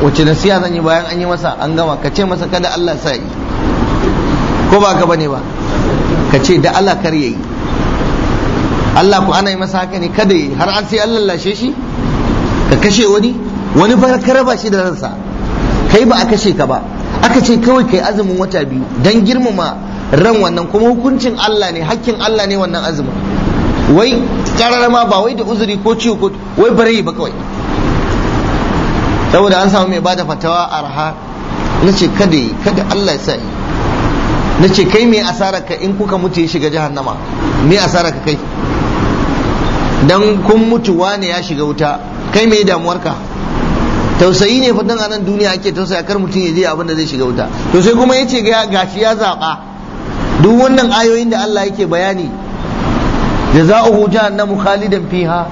wace nasiya zan yi bayan an yi masa an gama ka ce masa kada Allah sa yi ko ba ka bane ba ka ce da Allah kar yayi Allah ku ana yi masa haka ne kada yi har an sai Allah lashe shi ka kashe wani wani fara ka raba shi da ransa kai ba a kashe ka ba aka ce kawai kai azumin wata biyu dan girmama ran wannan kuma hukuncin Allah ne hakkin Allah ne wannan azumin wai karara ma ba wai da uzuri ko ciwo ko wai bare ba kawai saboda an samu mai bada fatawa arha na ce kada yi kada Allah ya sani na ce kai mai asara ka in kuka mutu ya shiga jahannama mai asara ka kai dan kun mutu wane ya shiga wuta kai mai damuwar ka? tausayi ne fadan anan duniya ake tausaya kar mutum ya je abin da zai shiga wuta to sai kuma yace ga gashi ya zaba duk wannan ayoyin da Allah yake bayani jaza'uhu jahannamu khalidan fiha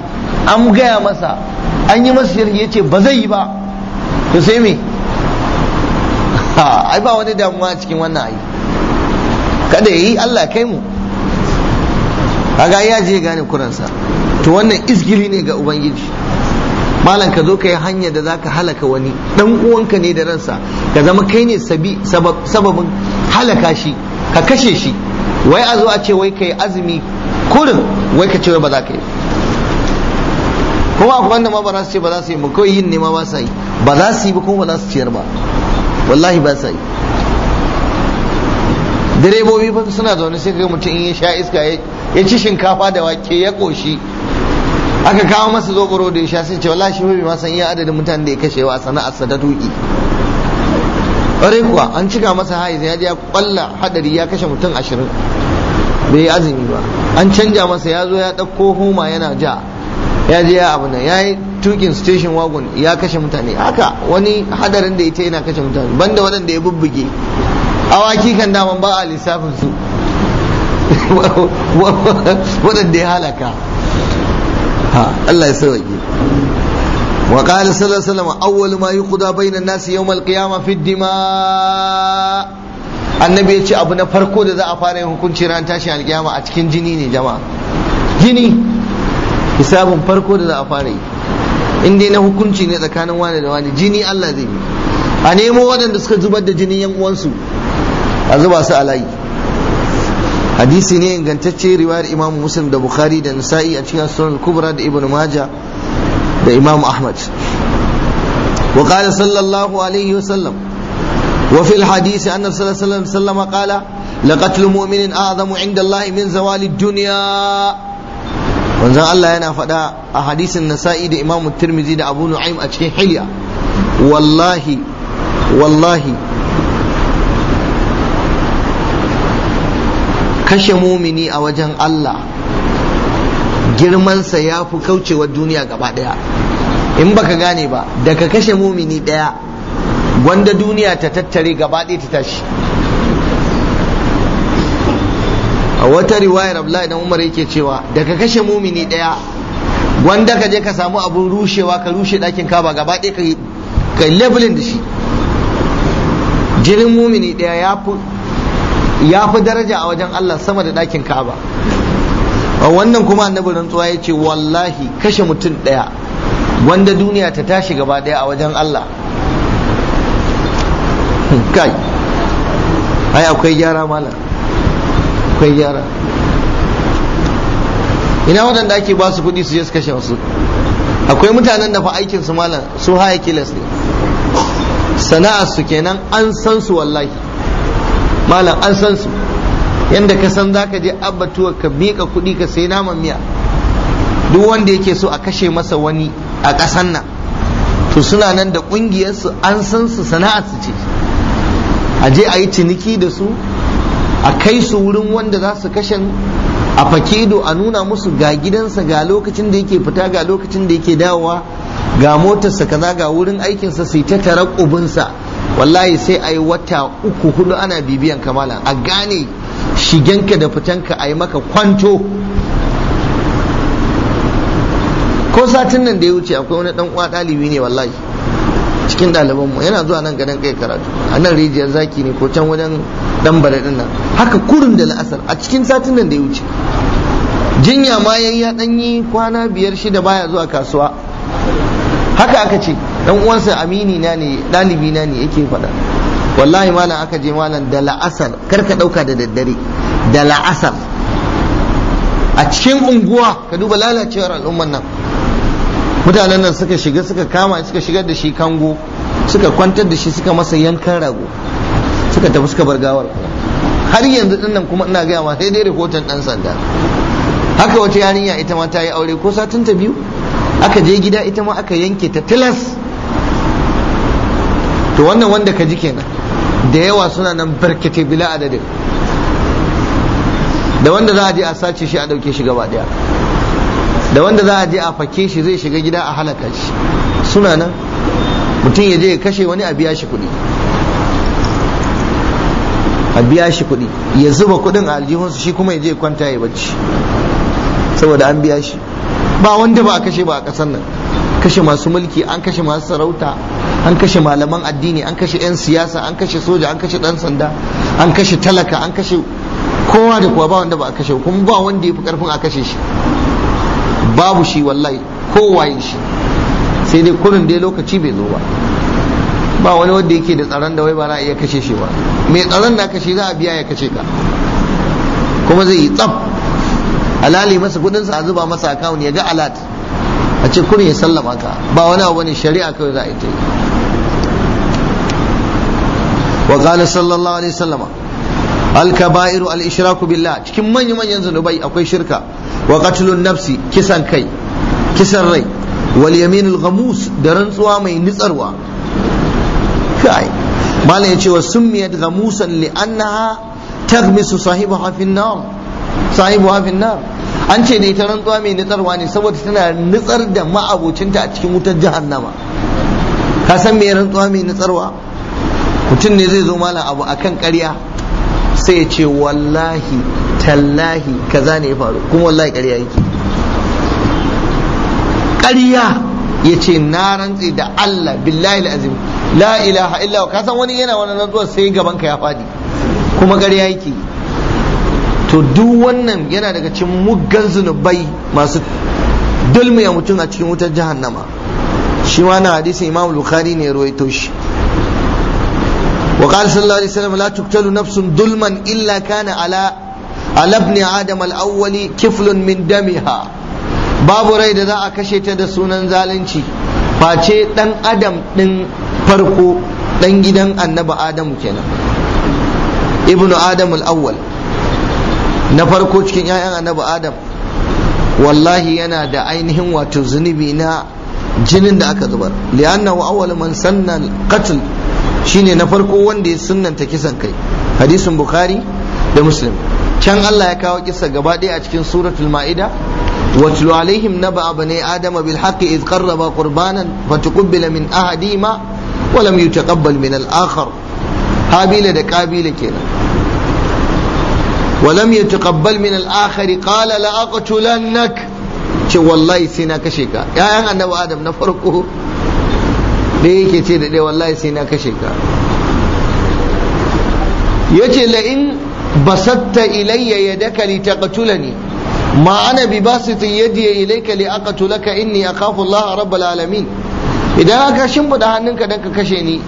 an gaya masa an yi masa sharhi yace ba zai yi ba to sai me ai ba wani damuwa a cikin wannan ayi kada yi Allah kai mu kaga ya je gane kuransa to wannan isgili ne ga ubangiji malam ka zo ka yi hanyar da zaka halaka wani dan uwanka ne da ransa ka zama kai ne sababin halaka shi ka kashe shi wai a zo a ce wai kai azumi kurin wai ka ce wai ba za ka yi kuma akwai wanda ma ba za su ce ba za su yi ba kawai yin nema ba su yi ba za su yi ba kuma ba za su ciyar ba wallahi ba su yi direbobi ba suna zaune sai ga mutum in ya sha iska ya ci shinkafa da wake ya koshi aka kawo masa zogoro da ya sha sai ce wallahi shi mafi ma san iya adadin mutanen da ya kashe wa sa ta tuki ƙwarai kuwa an cika masa haiz ya je ya kwalla hadari ya kashe mutum ashirin bai yi azumi ba an canja masa ya zo ya ɗauko homa yana ja ya je ya abu nan ya yi tukin station wagon ya kashe mutane haka wani hadarin da ita yana kashe mutane banda waɗanda ya bubbuge awaki kan daman ba a lissafin waɗanda ya halaka Allah ya sauke وقال صلى الله عليه وسلم أول ما na nasi الناس يوم fi في annabi ya ce abu na farko da za a fara yin hukunci ran tashin alkiyama a cikin jini ne jama'a jini hisabin farko da za a fara yi in dai na hukunci ne tsakanin wani da wani jini Allah zai yi a nemo waɗanda suka zubar da jinin yan uwansu a zuba su a layi hadisi ne ingantacce riwayar imamu muslim da bukhari da Nisa'i a cikin sunan kubra da ibnu maja da imam ahmad wa qala sallallahu alaihi wasallam وفي الحديث أن صلى الله عليه وسلم قال لقتل مؤمن أعظم عند الله من زوال الدنيا wanzan Allah yana faɗa a hadisin nasa'i da imamu tirmizi da abu nu'aim a cikin hilya wallahi wallahi kashe mumini a wajen Allah girmansa ya fi kaucewar duniya gaba ɗaya in baka gane ba da ka kashe mumini ɗaya gwanda duniya ta tattare gaba ɗaya ta tashi a wata riwayar abdullahi dan umar yake cewa daga kashe mumini ɗaya Wanda ka je ka samu abun rushewa ka rushe ɗakin kaba gaba ɗaya ka levelin da shi jirin mumini ɗaya ya fi daraja a wajen Allah sama da ɗakin kaba A wannan kuma annabi rantsuwa ya ce wallahi kashe mutum ɗaya wanda duniya ta tashi gaba ɗaya a wajen Allah kai ai akwai gyara mala akwai gyara ina wadanda ake ba su kuɗi su je su kashe wasu akwai mutanen da fa aikin su malam su haya kilas ne sana'ar su kenan an san su wallahi malam an san su yanda ka san zaka je abatuwa ka miƙa kuɗi ka sai naman miya duk wanda yake so a kashe masa wani a ƙasan nan to suna nan da ƙungiyarsu an san su sana'ar su ce a je a yi ciniki da su a kai su wurin wanda za su kashen a fakido a nuna musu ga gidansa ga lokacin da yake fita ga lokacin da yake dawowa ga motarsa kaza ga wurin aikinsa sai ta tara wallahi sai a yi wata uku hudu ana bibiyan kamala a gane shigenka da fitanka a yi maka kwanto ko satin nan da ya wuce akwai wani dan uwa ɗalibi ne wallahi cikin mu yana zuwa nan ganin kai karatu a nan rijiyar zaki ne ko can wajen dan bare din nan haka kurun da la'asar a cikin satin nan da ya wuce jinya ma yayi ya dan yi kwana biyar shida baya zuwa kasuwa haka aka ce dan uwansa amini na ne dalibi na ne yake faɗa wallahi malam aka je malam da la'asar kar ka ɗauka da daddare da la'asar a cikin unguwa ka duba lalacewar al'ummar nan mutanen nan suka shiga suka kama suka shigar da shi kango suka kwantar da shi suka masa yankan rago suka tafi suka bar gawar har yanzu din nan kuma ina gaya ma sai dai rahoton dan sanda haka wata yarinya ita ma ta yi aure ko satin ta biyu aka je gida ita ma aka yanke ta tilas to wannan wanda ka ji kenan da yawa suna nan barkate bila adadin da wanda za a je a sace shi a dauke shi gaba daya da wanda za a je a fake shi zai shiga gida a halaka shi suna nan mutum ya je ya kashe wani a biya shi kuɗi a biya shi kuɗi ya zuba kuɗin a aljihunsu shi kuma ya je kwanta ya bacci saboda an biya shi ba wanda ba a kashe ba a ƙasar nan kashe masu mulki an kashe masu sarauta an kashe malaman addini an kashe 'yan siyasa an kashe soja an kashe ɗan sanda an kashe talaka an kashe kowa da kowa ba wanda ba a kashe kuma ba wanda ya fi ƙarfin a kashe shi babu shi wallahi kowaye shi sai dai kurin dai lokaci bai zo ba ba wani wanda yake da tsaron da wai ba za a iya kashe shi ba mai tsaron da kashe za a biya ya kashe ka kuma zai yi tsaf alali masa sa a zuba masa akawun ya ga alat a ce kurin ya sallama ka ba wani abu ne shari'a kawai za a yi ta yi wa qala sallallahu alaihi wasallam al kaba'iru al ishraku billah cikin manyan manyan zanubai akwai shirka wa nafsi kisan kai kisan rai wal yaminul ghamus yace wa summiyat ghamusan li annaha taghmisu sahibaha fi an-nar ce ne ta rantsuwa mai nitsarwa ne saboda tana nitsar da ma'abocinta a cikin wutar jahannama ka san me rantsuwa mai nitsarwa mutum ne zai zo malam abu akan karya? sai ya ce wallahi tallahi kaza ne ya faru kuma wallahi ƙarya yake ƙarya ya ce na rantse da Allah billahi azim la ilaha illa ka san wani yana wani rantsuwar sai gaban ka ya fadi kuma ƙarya yake to duk wannan yana daga cikin muggan zunubai masu dulmiya mutum a cikin wutar jahannama shi ma na hadisin imam bukhari ne ruwaito shi wa qala sallallahu alaihi wasallam la tuqtalu nafsun dulman illa kana ala alabni adam al’awwali kiflun min damiha babu rai da za a kashe ta da sunan zalunci face dan adam din farko dan gidan annabi adamu kenan ibnu adam al’awwal na farko cikin 'ya'yan annabi adam wallahi yana da ainihin wato zunubi na jinin da aka zubar li'annahu awwal man sanna qatl shine na farko wanda ya sunnanta kisan kai hadisin bukhari da muslim can Allah ya kawo kisa gaba ɗaya a cikin suratul ma'ida واتل عليهم نبأ بني آدم بالحق إذ قربا قربانا فتقبل min أحدهما ولم يتقبل من الآخر هابيل دا كابيل كينا ولم يتقبل من الآخر قال لأقتلنك ce wallahi sai na kashe ka ‘ya'yan annabi adam na farko da yake ce da wallahi sai na kashe ka ya ce la'in basatta ilayya yadaka litaqtulani ma ana bi basitin yadi ilayka li aqtulaka inni akhafu Allah rabbul alamin idan aka shimfida hannunka dan ka kashe ni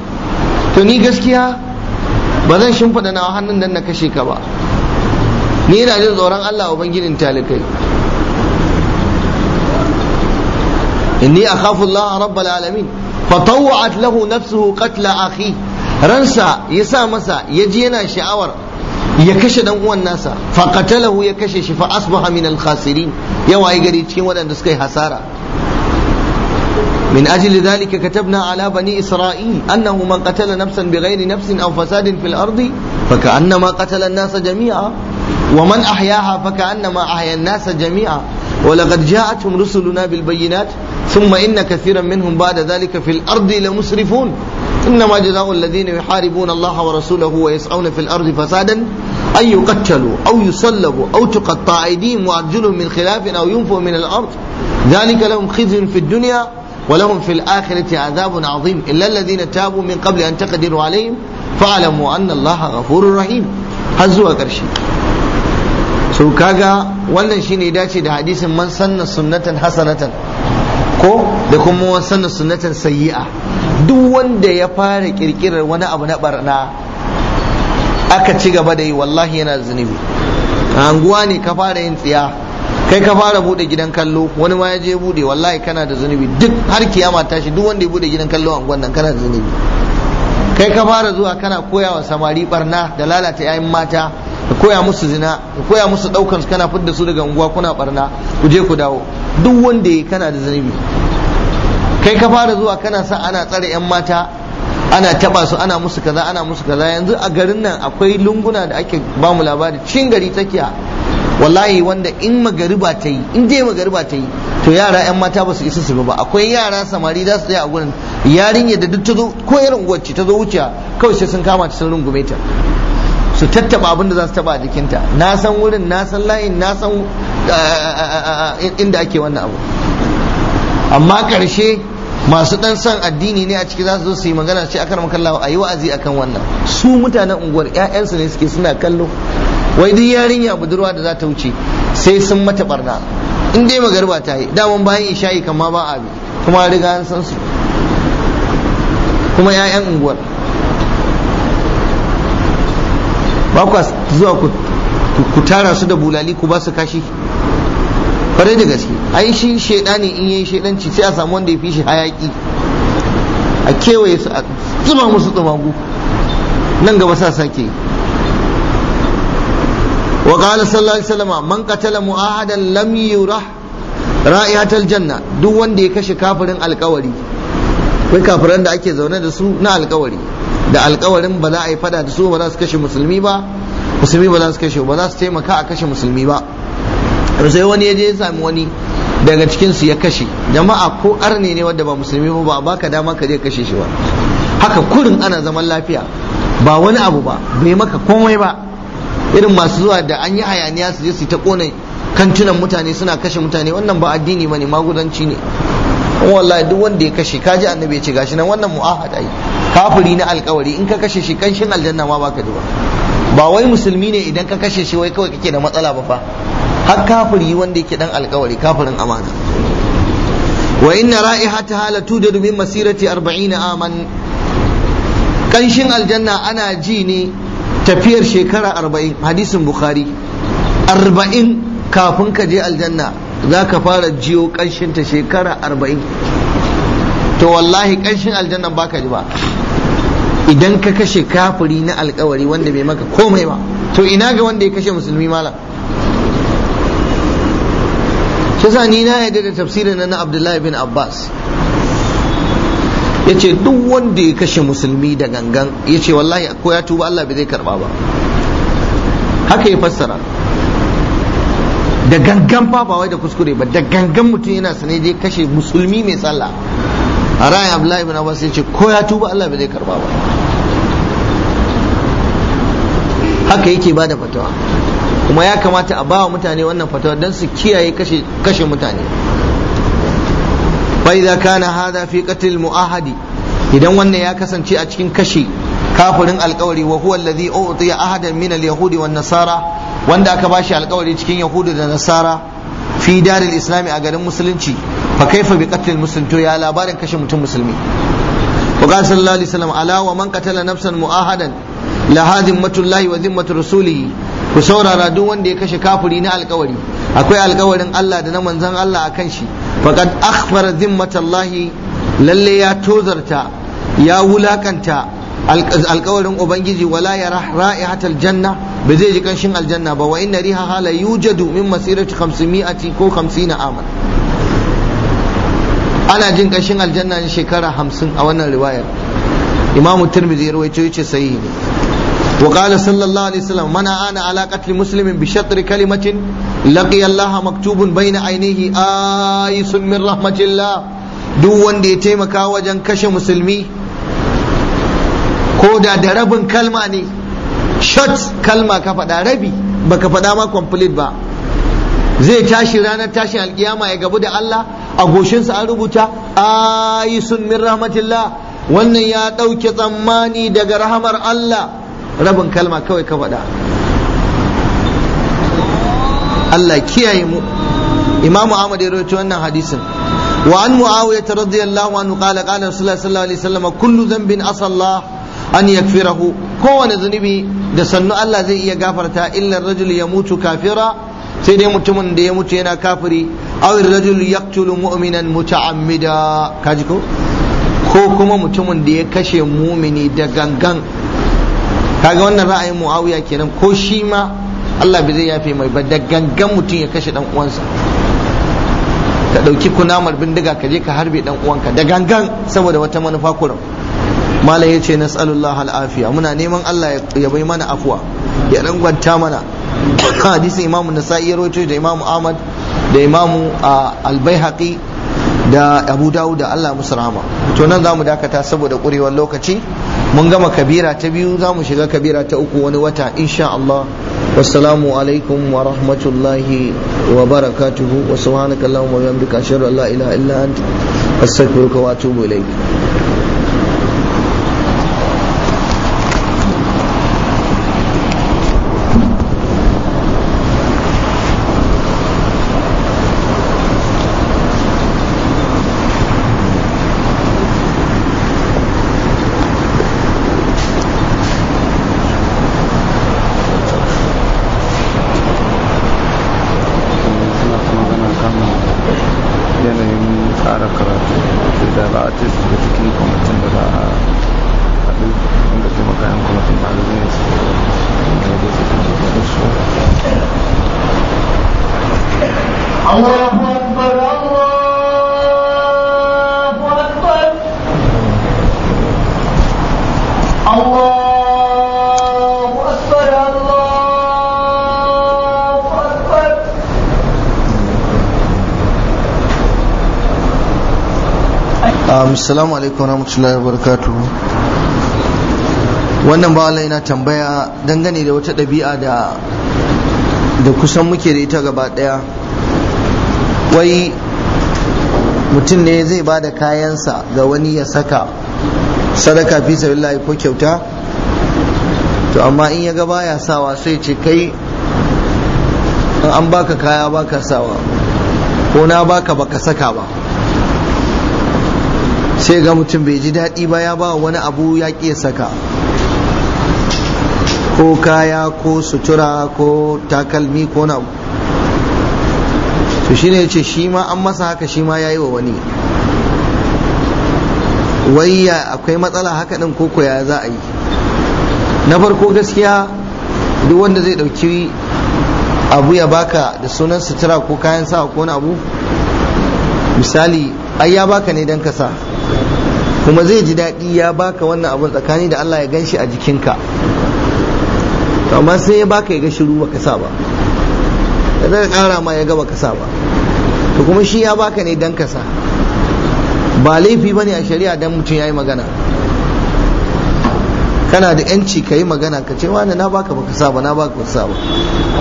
to ni gaskiya ba zan shimfida nawa hannun dan na kashe ka ba ni ina jin tsoron Allah ubangijin talikai inni akhafu Allah rabbul alamin fatawwa'at lahu nafsuhu qatla akhi ransa yasa masa yaji yana sha'awar ya kashe dan uwan nasa fa qatalahu ya kashe shi fa asbaha min al khasirin ya waye gari cikin waɗanda suka yi hasara من أجل ذلك كتبنا على بني إسرائيل أنه من قتل نفسا بغير نفس أو فساد في الأرض فكأنما قتل الناس جميعا ومن أحياها فكأنما أحيا الناس جميعا ولقد جاءتهم رسلنا بالبينات ثم إن كثيرا منهم بعد ذلك في الأرض لمسرفون إنما جزاء الذين يحاربون الله ورسوله ويسعون في الأرض فسادا ay yuqtalu au yusallabu aw tuqta'a aydihim wa arjuluhum min khilafin aw yunfu min al-ard dhalika lahum khizyun fi ad-dunya wa lahum fi al-akhirati 'adhabun 'adhim illa alladhina tabu min qabli an taqdiru 'alayhim fa'lamu anna allaha ghafurur rahim hazu wa karshi so kaga wannan shine dace da hadisin man sanna sunnatan hasanatan ko da kuma man sanna sunnatan sayyi'a duk wanda ya fara ƙirƙirar wani abu na barna aka ci gaba da yi wallahi yana zunubi a anguwa ne ka fara yin tsiya kai ka fara bude gidan kallo wani ma ya je bude wallahi kana da zunubi duk har kiyama tashi duk wanda ya bude gidan kallo a nan kana da zunubi kai ka fara zuwa kana koya wa samari barna da lalata yayin mata ka koya musu zina ka koya musu daukan kana fidda su daga unguwa kuna barna ku je ku dawo duk wanda ya kana da zunubi kai ka fara zuwa kana sa ana tsare yan mata ana taba su ana musu kaza ana musu kaza yanzu a garin nan akwai lunguna da ake ba mu labari cin gari take wallahi wanda in ba ta yi in dai ba ta yi to yara yan mata ba su isa su ba akwai yara samari za su tsaya a gurin yarinya da duk ta zo ko irin wacce ta zo wuce kawai sai sun kama ta sun rungume ta su tattaba abin da za su taba a jikinta na san wurin na san layin na san eh, eh, eh, inda ake wannan abu amma karshe masu dan san addini ne a ciki za su zo su yi magana ce akan makallawa a yi wa'azi akan wannan su mutanen unguwar ƴaƴansu ne suke suna kallo wai duk yarinya budurwa da za ta wuce sai sun mata barna in dai magarba ta yi daman bayan isha'i kan ma ba a kuma riga an san su kuma 'ya'yan unguwar ba ku zuwa ku tara su da bulali ku ba su kashi kwarai da gaske ai shi shaidani in yayi shaidanci sai a samu wanda ya fi shi hayaki a kewaye su a tsuma musu tsumagu nan gaba sa sake wa qala sallallahu alaihi wasallam man qatala mu'ahadan lam yura ra'ihatal janna duk wanda ya kashe kafirin alkawari kai kafiran da ake zaune da su na alkawari da alkawarin ba za a yi fada da su ba za su kashe musulmi ba musulmi ba za su kashe ba za su taimaka a kashe musulmi ba sai wani ya je ya sami wani daga cikinsu ya kashe jama'a ko arne ne wanda ba musulmi ba ba ka dama ka je kashe shi ba haka kurin ana zaman lafiya ba wani abu ba bai maka komai ba irin masu zuwa da an yi hayaniya su je su ta kone kantunan mutane suna kashe mutane wannan ba addini bane magudanci ne wallahi duk wanda ya kashe kaji annabi ya ce gashi nan wannan mu'ahada yi kafiri na alkawari in ka kashe shi kanshin aljanna ma baka ji ba ba wai musulmi ne idan ka kashe shi wai kawai kake da matsala ba fa har kafiri wanda yake dan alkawari kafirin amana wa inna ra'ihataha la tudadu min masirati 40 aman kanshin aljanna ana ji ne tafiyar shekara 40 hadisin bukhari 40 kafin ka je aljanna za ka fara jiyo kanshin ta shekara 40 to wallahi kanshin aljanna baka ji ba idan ka kashe kafiri na alkawari wanda bai maka komai ba to ina ga wanda ya kashe musulmi malam yasa ni na yadda da tafsirin na Abdullahi bin Abbas yace duk wanda ya kashe musulmi da gangan yace wallahi ko ya tuba Allah bai zai karba ba haka ya fassara da gangan ba ba wai da kuskure ba da gangan mutum yana sane da kashe musulmi mai tsalla a ra'ayin Abdullahi bin Abbas yace ko ya tuba Allah bai zai karba ba haka yake bada fatawa kuma ya kamata a bawa mutane wannan fatawa don su kiyaye kashe mutane bai idza kana hada fi qatl muahadi idan wannan ya kasance a cikin kashe kafirin alkawari wa huwa alladhi utiya ahadan min al-yahudi wan nasara wanda aka bashi alkawari cikin yahudi da nasara fi daril islami a garin musulunci fa kaifa bi qatl muslim to ya labarin kashe mutum musulmi wa qala sallallahu alaihi wasallam ala wa man qatala nafsan muahadan la hadhimmatu llahi wa dhimmatu rasulihi ku saurara duk wanda ya kashe kafiri na alkawari akwai alkawarin Allah da na manzon Allah akan shi faqad akhbara zimmatallahi lalle ya tozarta ya wulakanta alkawarin ubangiji wala ya ra'ihatal janna ba zai ji kanshin aljanna ba wa inna riha hala yujadu min masirati 500 ko 50 aman ana jin kanshin aljanna ne shekara 50 a wannan riwayar imamu tirmidhi ya rawaito yace sahihi ne وقال صلى الله عليه وسلم من أنا على قتل مسلم بشطر كلمة لقي الله مكتوب بين عينيه آيس من رحمة الله duk wanda ya taimaka wajen kashe musulmi ko da da rabin kalma ne shot kalma ka faɗa rabi baka faɗa ma complete ba zai tashi ranar tashin alkiyama ya gabu da Allah a goshinsa an rubuta ayisun min rahmatillah wannan ya ɗauke tsammani daga rahamar Allah rabin kalma kawai ka faɗa Allah kiyaye mu Imam Ahmad ya rawaito wannan hadisin wa an Muawiya radiyallahu anhu qala qala Rasulullah sallallahu alaihi wasallam kullu dhanbin asalla an yakfirahu kowane zunubi da sannu Allah zai iya gafarta illa rajul ya mutu kafira sai dai mutumin da ya mutu yana kafiri aw rajul yaqtulu mu'minan muta'ammida kaji ko ko kuma mutumin da ya kashe mumini da gangan kaga wannan ra'ayin muawiya kenan ko shi ma Allah bai zai yafe mai ba da gangan mutum ya kashe dan uwansa ka dauki kunamar bindiga ka je ka harbe dan uwanka da gangan saboda wata manufa kurum malam yace nasallallahu al'afiya muna neman Allah ya bai mana afwa ya rangwanta mana hadisin imamu nasa'i ya rawaito da imamu ahmad da imamu ah, al da abu dawud da Allah musu rahama to nan za mu dakata saboda ƙurewar lokaci mun gama kabira ta biyu za mu shiga kabira ta uku wani wata insha Allah wassalamu alaikum wa rahmatullahi wa barakatuhu wa wa bihamdika ashhadu an la ilaha illa anta astaghfiruka wa atubu ilayk assalamu alaikum wa wabarakatuh wannan ba Allah yana tambaya dangane da wata ɗabi'a da da kusan muke da ita gaba ɗaya wai mutum ne zai ba da kayansa ga wani ya saka sadaka fi sabilillahi ko kyauta to amma in ya ga baya sawa sai ce kai an baka kaya baka sawa ko na baka baka saka ba sai ga mutum bai ji daɗi ba ya ba wani abu ya ƙi saka ko kaya ko sutura ko takalmi ko na to shine ya ce shi ma an masa haka shi ma ya yi wa wani wayya akwai matsala haka ɗin koko ya za a yi na farko gaskiya duk wanda zai ɗauki abu ya baka da sunan sutura ko kayan sa ko wani abu misali ai ya baka ne don ka sa kuma zai ji daɗi ya baka wannan abun tsakani da Allah ya gan shi a jikinka amma sai ya baka ya ga shiru baka sa ba da zai ƙara ma ya ga baka sa ba to kuma shi ya baka ne dan kasa ba laifi bane a shari'a dan mutum yayi magana kana da yanci ka yi magana ka ce wani na baka baka sa ba na baka baka sa ba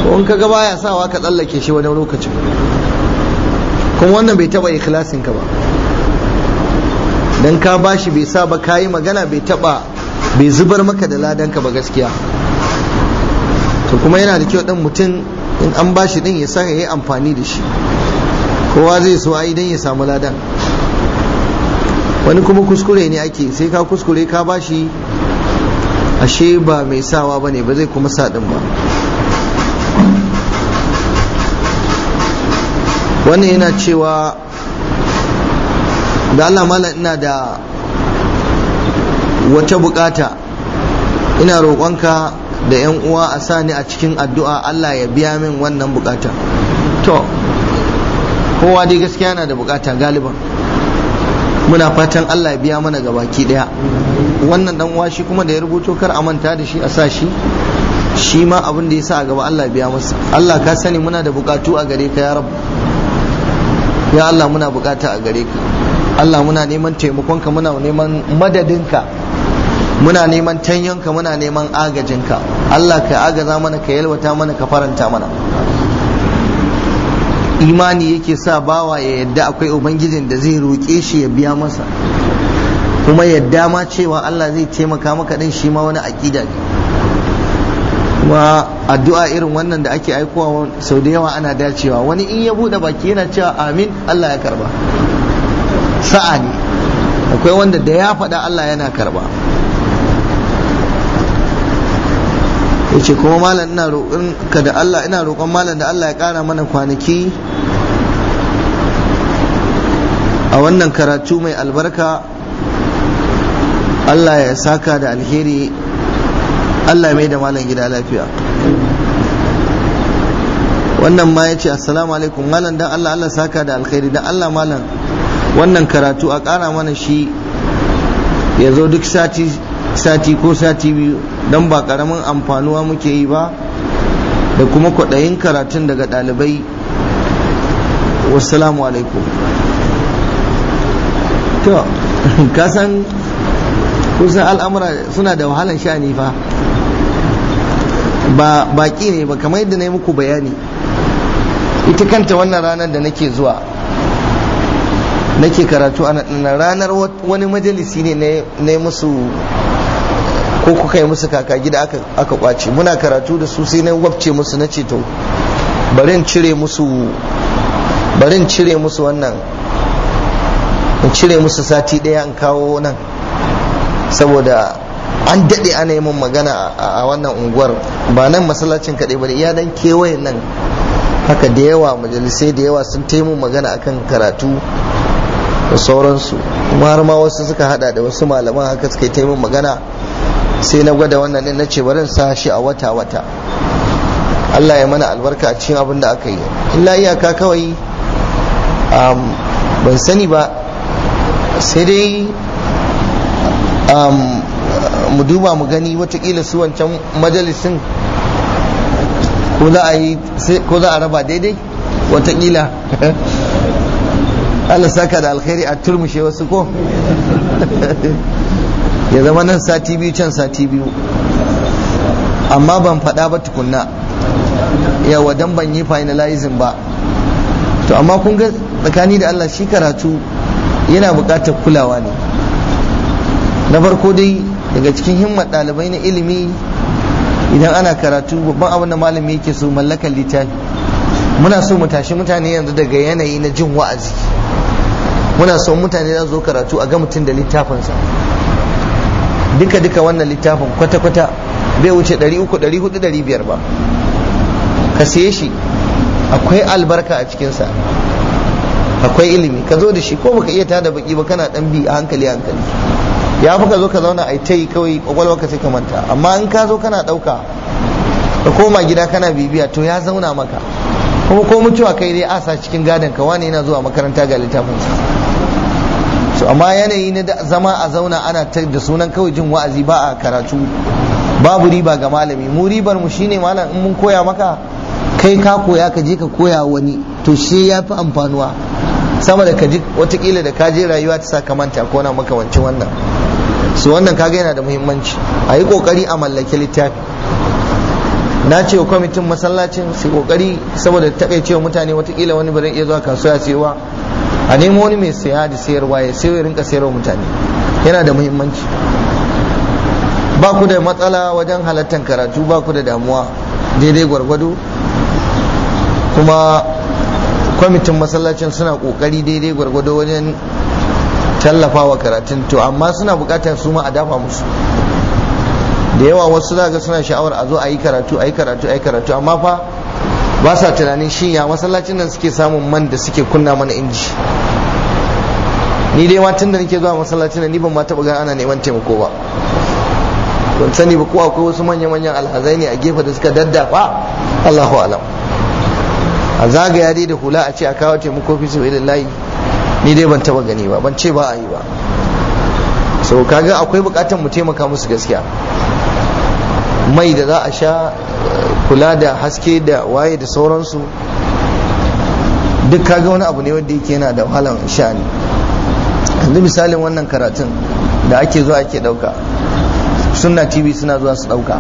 ko in kaga baya sawa ka tsallake shi wani lokacin kuma wannan bai taba ikhlasin ka ba dan ka bashi bai sa ba kayi magana bai taba bai zubar maka da ladanka ba gaskiya to kuma yana da kyau dan mutum in an bashi din ya saka yayi amfani da shi kowa zai so ai dan ya samu ladan wani kuma kuskure ne ake sai ka kuskure ka bashi ashe ba mai sawa bane ba zai kuma sa din ba wannan yana cewa da Allah mala ina da wata bukata ina roƙonka da 'yan uwa a sani a cikin addu'a Allah ya biya min wannan bukata to kowa dai gaskiya na da bukata galiban muna fatan Allah ya biya mana gabaki daya wannan dan uwa shi kuma da ya rubuto kar a manta da shi a sa shi shi ma abin da ya sa a gaba Allah biya masa Allah ka sani muna da bukatu a gare ka ya rabu ya Allah muna bukata a gare ka Allah muna neman taimakonka muna neman madadinka muna neman tanyonka muna neman agajinka Allah ka agaza mana ka yalwata mana ka faranta mana imani yake sa bawa ya yadda akwai ubangijin da zai roƙe shi ya biya masa kuma yadda ma cewa Allah zai taimaka maka din shi ma wani aƙida ne kuma addu'a irin wannan da ake aikowa sau da yawa ana dacewa wani in ya buɗe baki yana cewa amin Allah ya karba sa'a ne akwai wanda da ya faɗa Allah yana karba yace kuma malam ina roƙon ka da Allah ina roƙon malam da Allah ya ƙara mana kwanaki a wannan karatu mai albarka Allah ya saka da alheri Allah mai da malam gida lafiya wannan ma ya ce assalamu alaikum malam dan Allah Allah saka da alheri dan Allah malam wannan karatu a ƙara mana shi ya zo duk sati ko sati biyu don ba ƙaramin amfanuwa muke yi ba da kuma kwaɗayin karatun daga ɗalibai wasu alaikum to kasan kusan al'amura suna da wahalan sha'ani fa ba baki ne ba kamar yadda na yi muku bayani ita kanta wannan ranar da nake zuwa nake karatu a ranar wani majalisi ne na musu ko kuka yi musu kaka gida aka kwace muna karatu da su sai na wabce musu na ceto barin cire musu cire musu wannan in cire musu sati daya an kawo nan saboda an daɗe ana yi min magana a wannan unguwar ba nan masallacin kaɗai ba iya dan kewayen nan haka da yawa majalisai da yawa sun taimu magana akan karatu da sauransu kuma har ma wasu suka hada da wasu malaman haka suka yi min magana sai na gwada wannan ne na ce bari sa shi a wata wata Allah ya mana albarka a cikin abin da aka yi illa iyaka kawai um, ban sani ba sai dai um, mu duba mu gani watakila su wancan majalisin ko za a raba daidai watakila Allah saka da alkhairi a turmushe wasu ko ya zama nan sati biyu can sati biyu amma ban faɗa ba tukunna ya wadan ban yi finalizing ba to amma kun ga tsakani da Allah shi karatu yana buƙatar kulawa ne na farko dai daga cikin himmat ɗalibai na ilimi idan ana karatu babban abin da malami yake so mallakar littafi muna so mu tashi mutane yanzu daga yanayi na jin wa'azi muna so mutane za zo karatu a ga mutum da littafinsa duka duka wannan littafin kwata kwata bai wuce 300 400 500 ba ka siye shi akwai albarka a cikinsa akwai ilimi ka zo da shi ko baka iya tada baki ba kana dan bi a hankali hankali ya fi ka zo ka zauna a ta yi kawai kwakwalwa ka sai ka manta amma in ka zo kana dauka ka koma gida kana bibiya to ya zauna maka kuma ko mutuwa kai dai asa cikin gadon ka wani yana zuwa makaranta ga littafin sa so amma yanayi na zama a zauna ana ta da sunan kawai jin wa'azi ba a karatu babu riba ga malami mu ribar mu shine malam in mun koya maka kai ka koya ka je ka koya wani to shi ya fi amfanuwa sama da ka ji watakila da ka je rayuwa ta sa manta ko na makawancin wannan su wannan kaga yana da muhimmanci a yi kokari a mallaki littafi na ce wa kwamitin masallacin su kokari saboda takaicewa mutane watakila wani barin iya zuwa kasuwa ya sayowa a nemo wani mai saya da sayarwa ya sayo ya rinka sayarwa mutane yana da muhimmanci ba ku da matsala wajen halattar karatu ba ku da damuwa daidai gwargwado kuma kwamitin masallacin suna kokari daidai gwargwado wajen tallafawa karatun to amma suna bukatar su ma a dafa musu da yawa wasu za ga suna sha'awar a zo a yi karatu a yi karatu a yi karatu amma fa ba sa tunanin shin ya masallacin nan suke samun man da suke kunna mana inji ni dai ma tun da nake zuwa masallacin nan ni ban ma taba ga ana neman taimako ba ban sani ba ko akwai wasu manya-manyan alhazai ne a gefe da suka daddafa Allahu alam a zagaya dai da hula a ce a kawo taimako fi su layi ni dai ban taba gani ba ban ce ba a yi ba so kaga akwai bukatan mu taimaka musu gaskiya mai da za a sha kula da haske da waye da sauransu duk kaga wani abu ne wanda yake yana da sha sha'ani yanzu misalin wannan karatun da ake zuwa ake dauka suna tv suna zuwa su dauka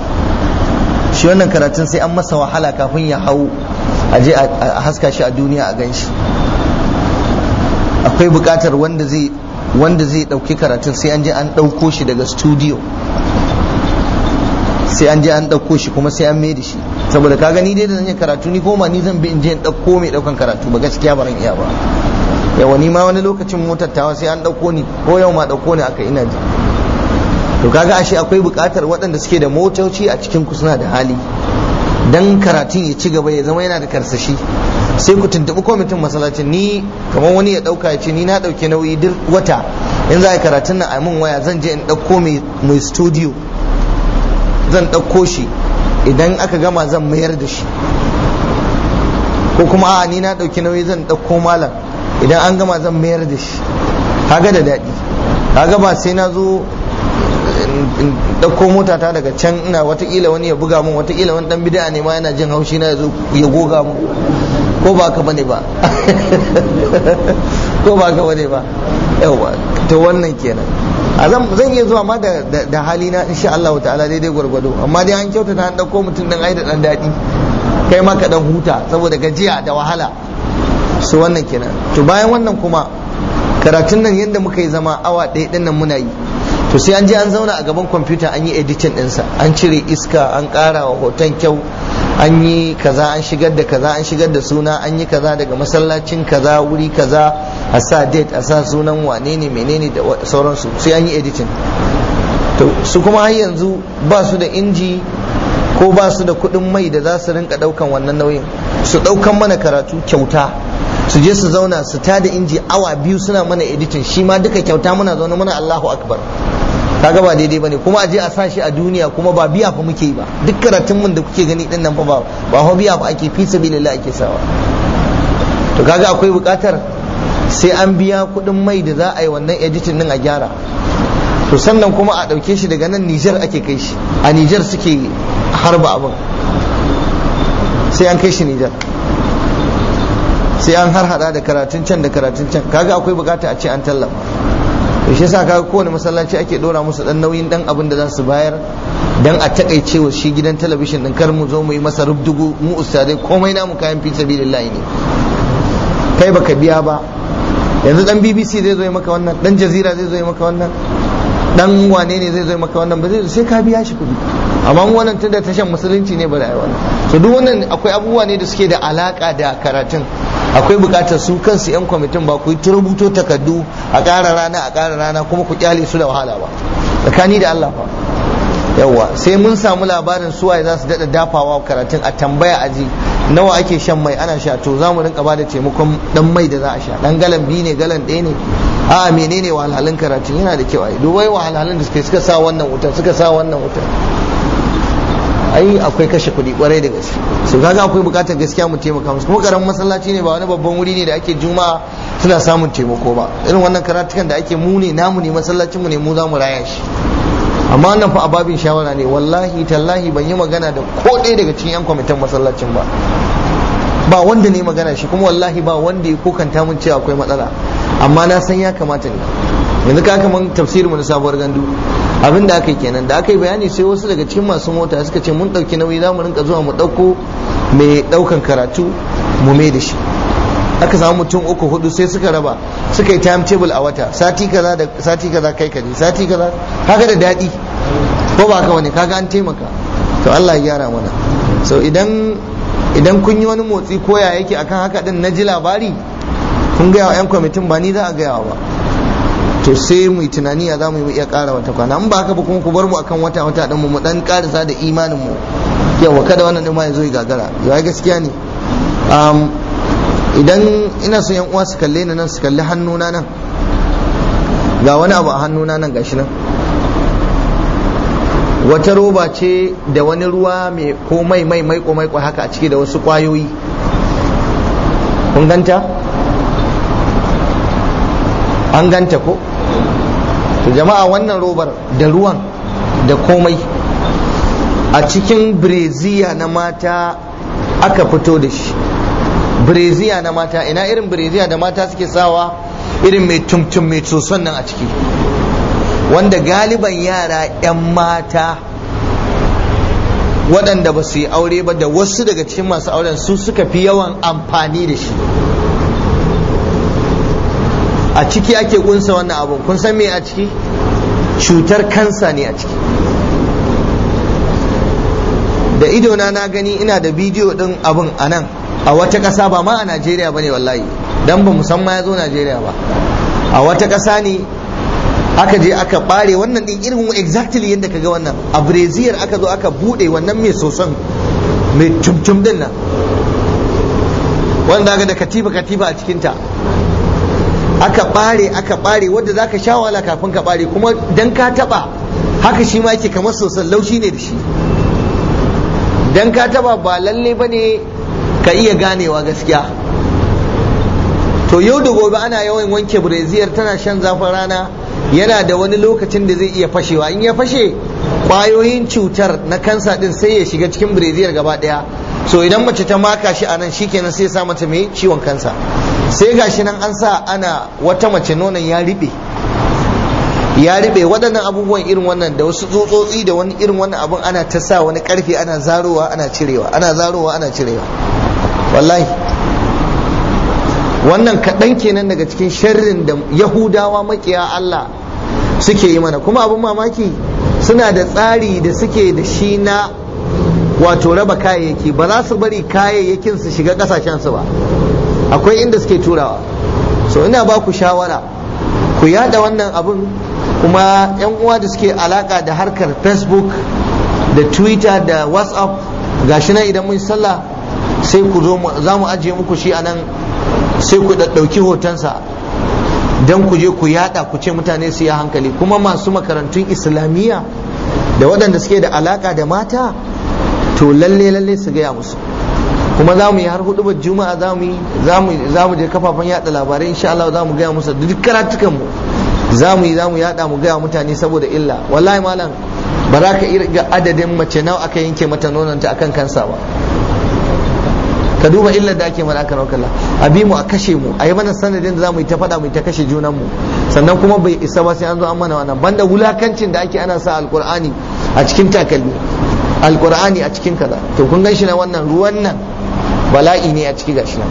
shi wannan karatun sai an masa wahala kafin ya hau a je a haska shi a duniya a gan shi akwai bukatar wanda zai wanda zai dauki karatun sai an je an dauko shi daga studio sai an je an ɗauko shi kuma sai an maida shi saboda ka gani dai da zan yi karatu ni koma ni zan bi in je in ɗauko mai ɗaukan karatu ba gaskiya ba ran iya ba yawa ni ma wani lokacin motar tawa sai an ɗauko ni ko yau ma ɗauko ni aka ina ji to kaga ashe akwai bukatar waɗanda suke da motoci a cikin ku suna da hali dan karatun ya ci gaba ya zama yana da karsashi sai ku tuntuɓi kwamitin masallacin ni kamar wani ya ɗauka ya ce ni na dauke nauyi duk wata in za a yi karatun nan a min waya zan je in ɗauko mai studio zan ɗauko shi idan aka gama zan mayar da shi ko kuma a ni na ɗauki nauyi zan ɗauko malam idan an gama zan mayar da shi kaga da daɗi kaga ba sai na zo in ɗauko mota ta daga can ina watakila wani ya buga mun watakila wani ɗan bid'a ne ma yana jin haushi na yazo ya goga mu ko ba ka bane ba ko ba ka bane ba yawa to wannan kenan azam zan iya zuwa ma da da na insha Allah ta'ala daidai gwargwado amma dai an kyautata an dauko mutun dan aida dan dadi kai ma ka dan huta saboda gajiya da wahala su wannan kenan to bayan wannan kuma karatun nan yadda muka yi zama awa ɗaya ɗin nan muna yi to sai an je an zauna a gaban kwamfuta an yi editin ɗinsa an cire iska an ƙara wa hoton kyau an yi kaza an shigar da kaza an shigar da suna an yi kaza daga masallacin kaza wuri kaza a sa date a sa sunan wane ne menene da sauransu sai an yi editin to su kuma har yanzu ba su da inji ko ba su da kuɗin mai da za su rinka ɗaukan wannan nauyin su ɗaukan mana karatu kyauta su je su zauna su ta da inji awa biyu suna mana editin shi ma duka kyauta muna zaune muna Allahu akbar kaga ba daidai bane kuma aje a sashi a duniya kuma ba biya fa muke yi ba duk karatun mun da kuke gani din nan fa ba ba ho biya fa ake fi sabilillah ake sawa to kaga akwai bukatar sai an biya kudin mai da za a yi wannan editing din a gyara to sannan kuma a dauke shi daga nan Niger ake kai shi a Niger suke harba abin sai an kai shi Niger sai an har hada da karatun can da karatun can kaga akwai bukata a ce an tallafa to shi yasa kaga kowane masallaci ake dora musu dan nauyin dan abin da za su bayar dan a takaice wa shi gidan talabishin din kar mu zo mu yi masa rubdugu mu ustadai komai namu kayan fi sabilillahi ne kai baka biya ba yanzu dan BBC zai zo yi maka wannan dan Jazira zai zo yi maka wannan dan wane ne zai zo maka wannan ba zai sai ka biya shi kudi amma wannan tunda tashan musulunci ne ba da ne so duk wannan akwai abubuwa ne da suke da alaka da karatun akwai bukatar su kansu yan kwamitin ba ku yi rubuto takardu a ƙara rana a ƙara rana kuma ku kyale su da wahala ba tsakani da Allah ba. sai mun samu labarin suwaye za su daɗa dafawa karatun a tambaya aji nawa ake shan mai ana sha to za mu rinka ba da taimakon dan mai da za a sha dan galan biyu ne galan ɗaya ne a menene wahalhalun karatun yana da kyau ai dubai wahalhalun da suka sa wannan wutar suka sa wannan wutar ai akwai kashe kuɗi kwarai da gaske su kaga akwai bukatar gaskiya mu taimaka musu kuma karamin masallaci ne ba wani babban wuri ne da ake juma'a suna samun taimako ba irin wannan karatukan da ake mu ne namu ne masallacin mu ne mu za mu raya shi amma wannan fa ababin shawara ne wallahi tallahi ban yi magana da ko ɗaya daga cikin yan kwamitin masallacin ba ba wanda ne magana shi kuma wallahi ba wanda ya kokanta mun cewa akwai matsala amma na san ya kamata ne yanzu ka kaman tafsirin mu na sabuwar gandu abin da aka yi kenan da aka yi bayani sai wasu daga cikin masu mota suka ce mun ɗauki nauyi za mu rinka zuwa mu ɗauko mai ɗaukan karatu mu mai da shi aka samu mutum uku hudu sai suka raba suka yi time table a wata sati kaza da sati kaza kai kaje sati kaza haka da daɗi ko ba ka wani kaga an taimaka to Allah ya gyara mana so idan idan kun yi wani motsi koya yake akan haka din na ji labari kun ga wa 'yan kwamitin ba ni za a gaya ba to sai mu yi tunani za zamu iya kara wata kwana in ba haka ba kuma ku bar mu akan wata wata din mu dan ƙarisa da imanin mu yawa kada wannan din ma ya zo ya gagara ya gaskiya ne idan ina son yan uwa su kalle ni nan su kalli hannuna nan ga wani abu a hannuna nan gashi nan wata roba ce da wani ruwa mai ko mai mai mai ko mai haka a ciki da wasu kwayoyi kun ganta an ganta ko jama'a wannan robar da ruwan da komai a cikin breziya na mata aka fito da shi breziya na mata ina irin breziya da mata suke sawa irin mai tumtum mai soson nan a ciki wanda galiban yara 'yan mata waɗanda ba su yi aure ba da wasu daga cikin masu auren su suka fi yawan amfani da shi a ciki ake kunsa wannan abun kun san me a ciki cutar kansa ne a ciki da idona na gani ina da bidiyo din abun a nan a wata ƙasa ba ma a najeriya ba ne wallahi don ba musamman ya zo najeriya ba a wata ƙasa ne aka je aka bare wannan din irin exactly yadda ga wannan a brazil aka zo aka bude wannan mai soson mai tumtum din nan wanda ga da katifa katifa a cikinta aka bare aka bare wanda zaka sha wala kafin ka bare kuma dan ka taba haka shi ma yake kamar sosan laushi ne da shi dan ka taba ba lalle bane ka iya ganewa gaskiya to yau da gobe ana yawan wanke breziyar tana shan zafin rana yana da wani lokacin da zai iya fashewa in ya fashe kwayoyin cutar na kansa din sai ya shiga cikin breziyar gaba daya so idan mace ta maka shi a nan shikenan sai ya sa mata mai ciwon kansa sai gashi nan an sa ana wata mace nonon ya riɓe ya riɓe waɗannan abubuwan irin wannan da wasu tsotsotsi da wani irin wannan abun ana ta sa wani ƙarfi ana zarowa ana cirewa ana zarowa ana cirewa wallahi wannan kaɗan kenan daga cikin sharrin da yahudawa makiya Allah suke yi mana kuma abin mamaki suna da tsari da suke da shi na wato raba kayayyaki ba za su bari kayayyakin su shiga ƙasashensu ba akwai inda suke turawa so ina ba ku shawara ku yada wannan abun kuma yan uwa da suke alaka da harkar facebook da twitter da whatsapp gashi nan idan mun sallah sai ku zo za mu ajiye muku shi anan sai ku ɗauki hotonsa don ku je ku yada ku ce mutane su yi hankali kuma masu makarantun islamiyya da waɗanda suke da alaka da mata to lalle lalle su gaya musu kuma za mu yi har hudu juma'a za mu za mu je kafafen yada labarai insha Allah za mu gaya musu duk karatukan mu za mu yi za mu yada mu gaya mutane saboda illa wallahi malam ba za ka ga adadin mace nawa aka yanke mata nonon ta akan kansa ba ka duba illar da ake mana aka naukala a bi mu a kashe mu a yi mana sanadin da za mu yi ta faɗa mu yi ta kashe junan mu sannan kuma bai isa ba sai an zo an mana wannan banda wulakancin da ake ana sa alkur'ani a cikin takalmi alkur'ani a cikin kaza to kun ganshi na wannan ruwan nan bala'i ne a ciki gashi nan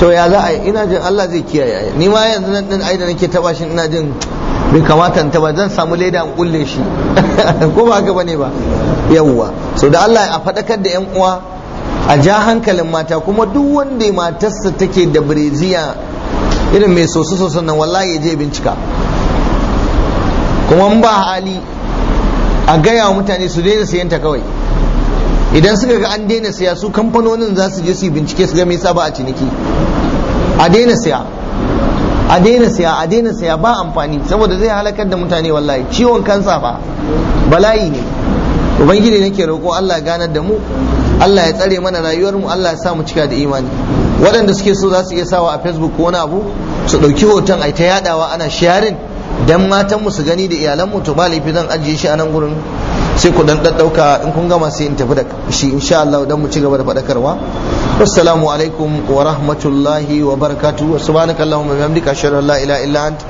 to ya za a yi ina jin Allah zai kiyaye ni ma yanzu nan din ai nake taba shi ina jin bai kamata in taba zan samu leda in kulle shi ko ba haka bane ba yawwa so da Allah a fadakar da yan uwa a ja hankalin mata kuma duk wanda matarsa take da breziya irin mai sosu sosu nan wallahi ya je bincika kuma ba hali a gaya wa mutane su daina sayan ta kawai idan suka ga an daina saya su kamfanonin za su je su bincike su ga me yasa ba a ciniki a daina saya a daina saya a daina saya ba amfani saboda zai halakar da mutane wallahi ciwon kansa ba bala'i ne ubangiji nake roƙo Allah ganar da mu Allah ya tsare mana rayuwar mu Allah ya sa mu cika da imani waɗanda suke so za su iya sawa a facebook ko wani abu su ɗauki hoton ai ta yadawa ana sharing dan matan mu su gani da iyalan mu to ba laifi zan ajiye shi a nan gurin sai ku dan daddauka in kun gama sai in tafi da shi insha Allah dan mu ci gaba da fadakarwa assalamu alaikum wa rahmatullahi wa barakatuh wa subhanakallahumma wa bihamdika ashhadu an la ilaha illa ant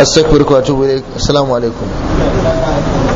astaghfiruka wa atubu ilaik assalamu alaikum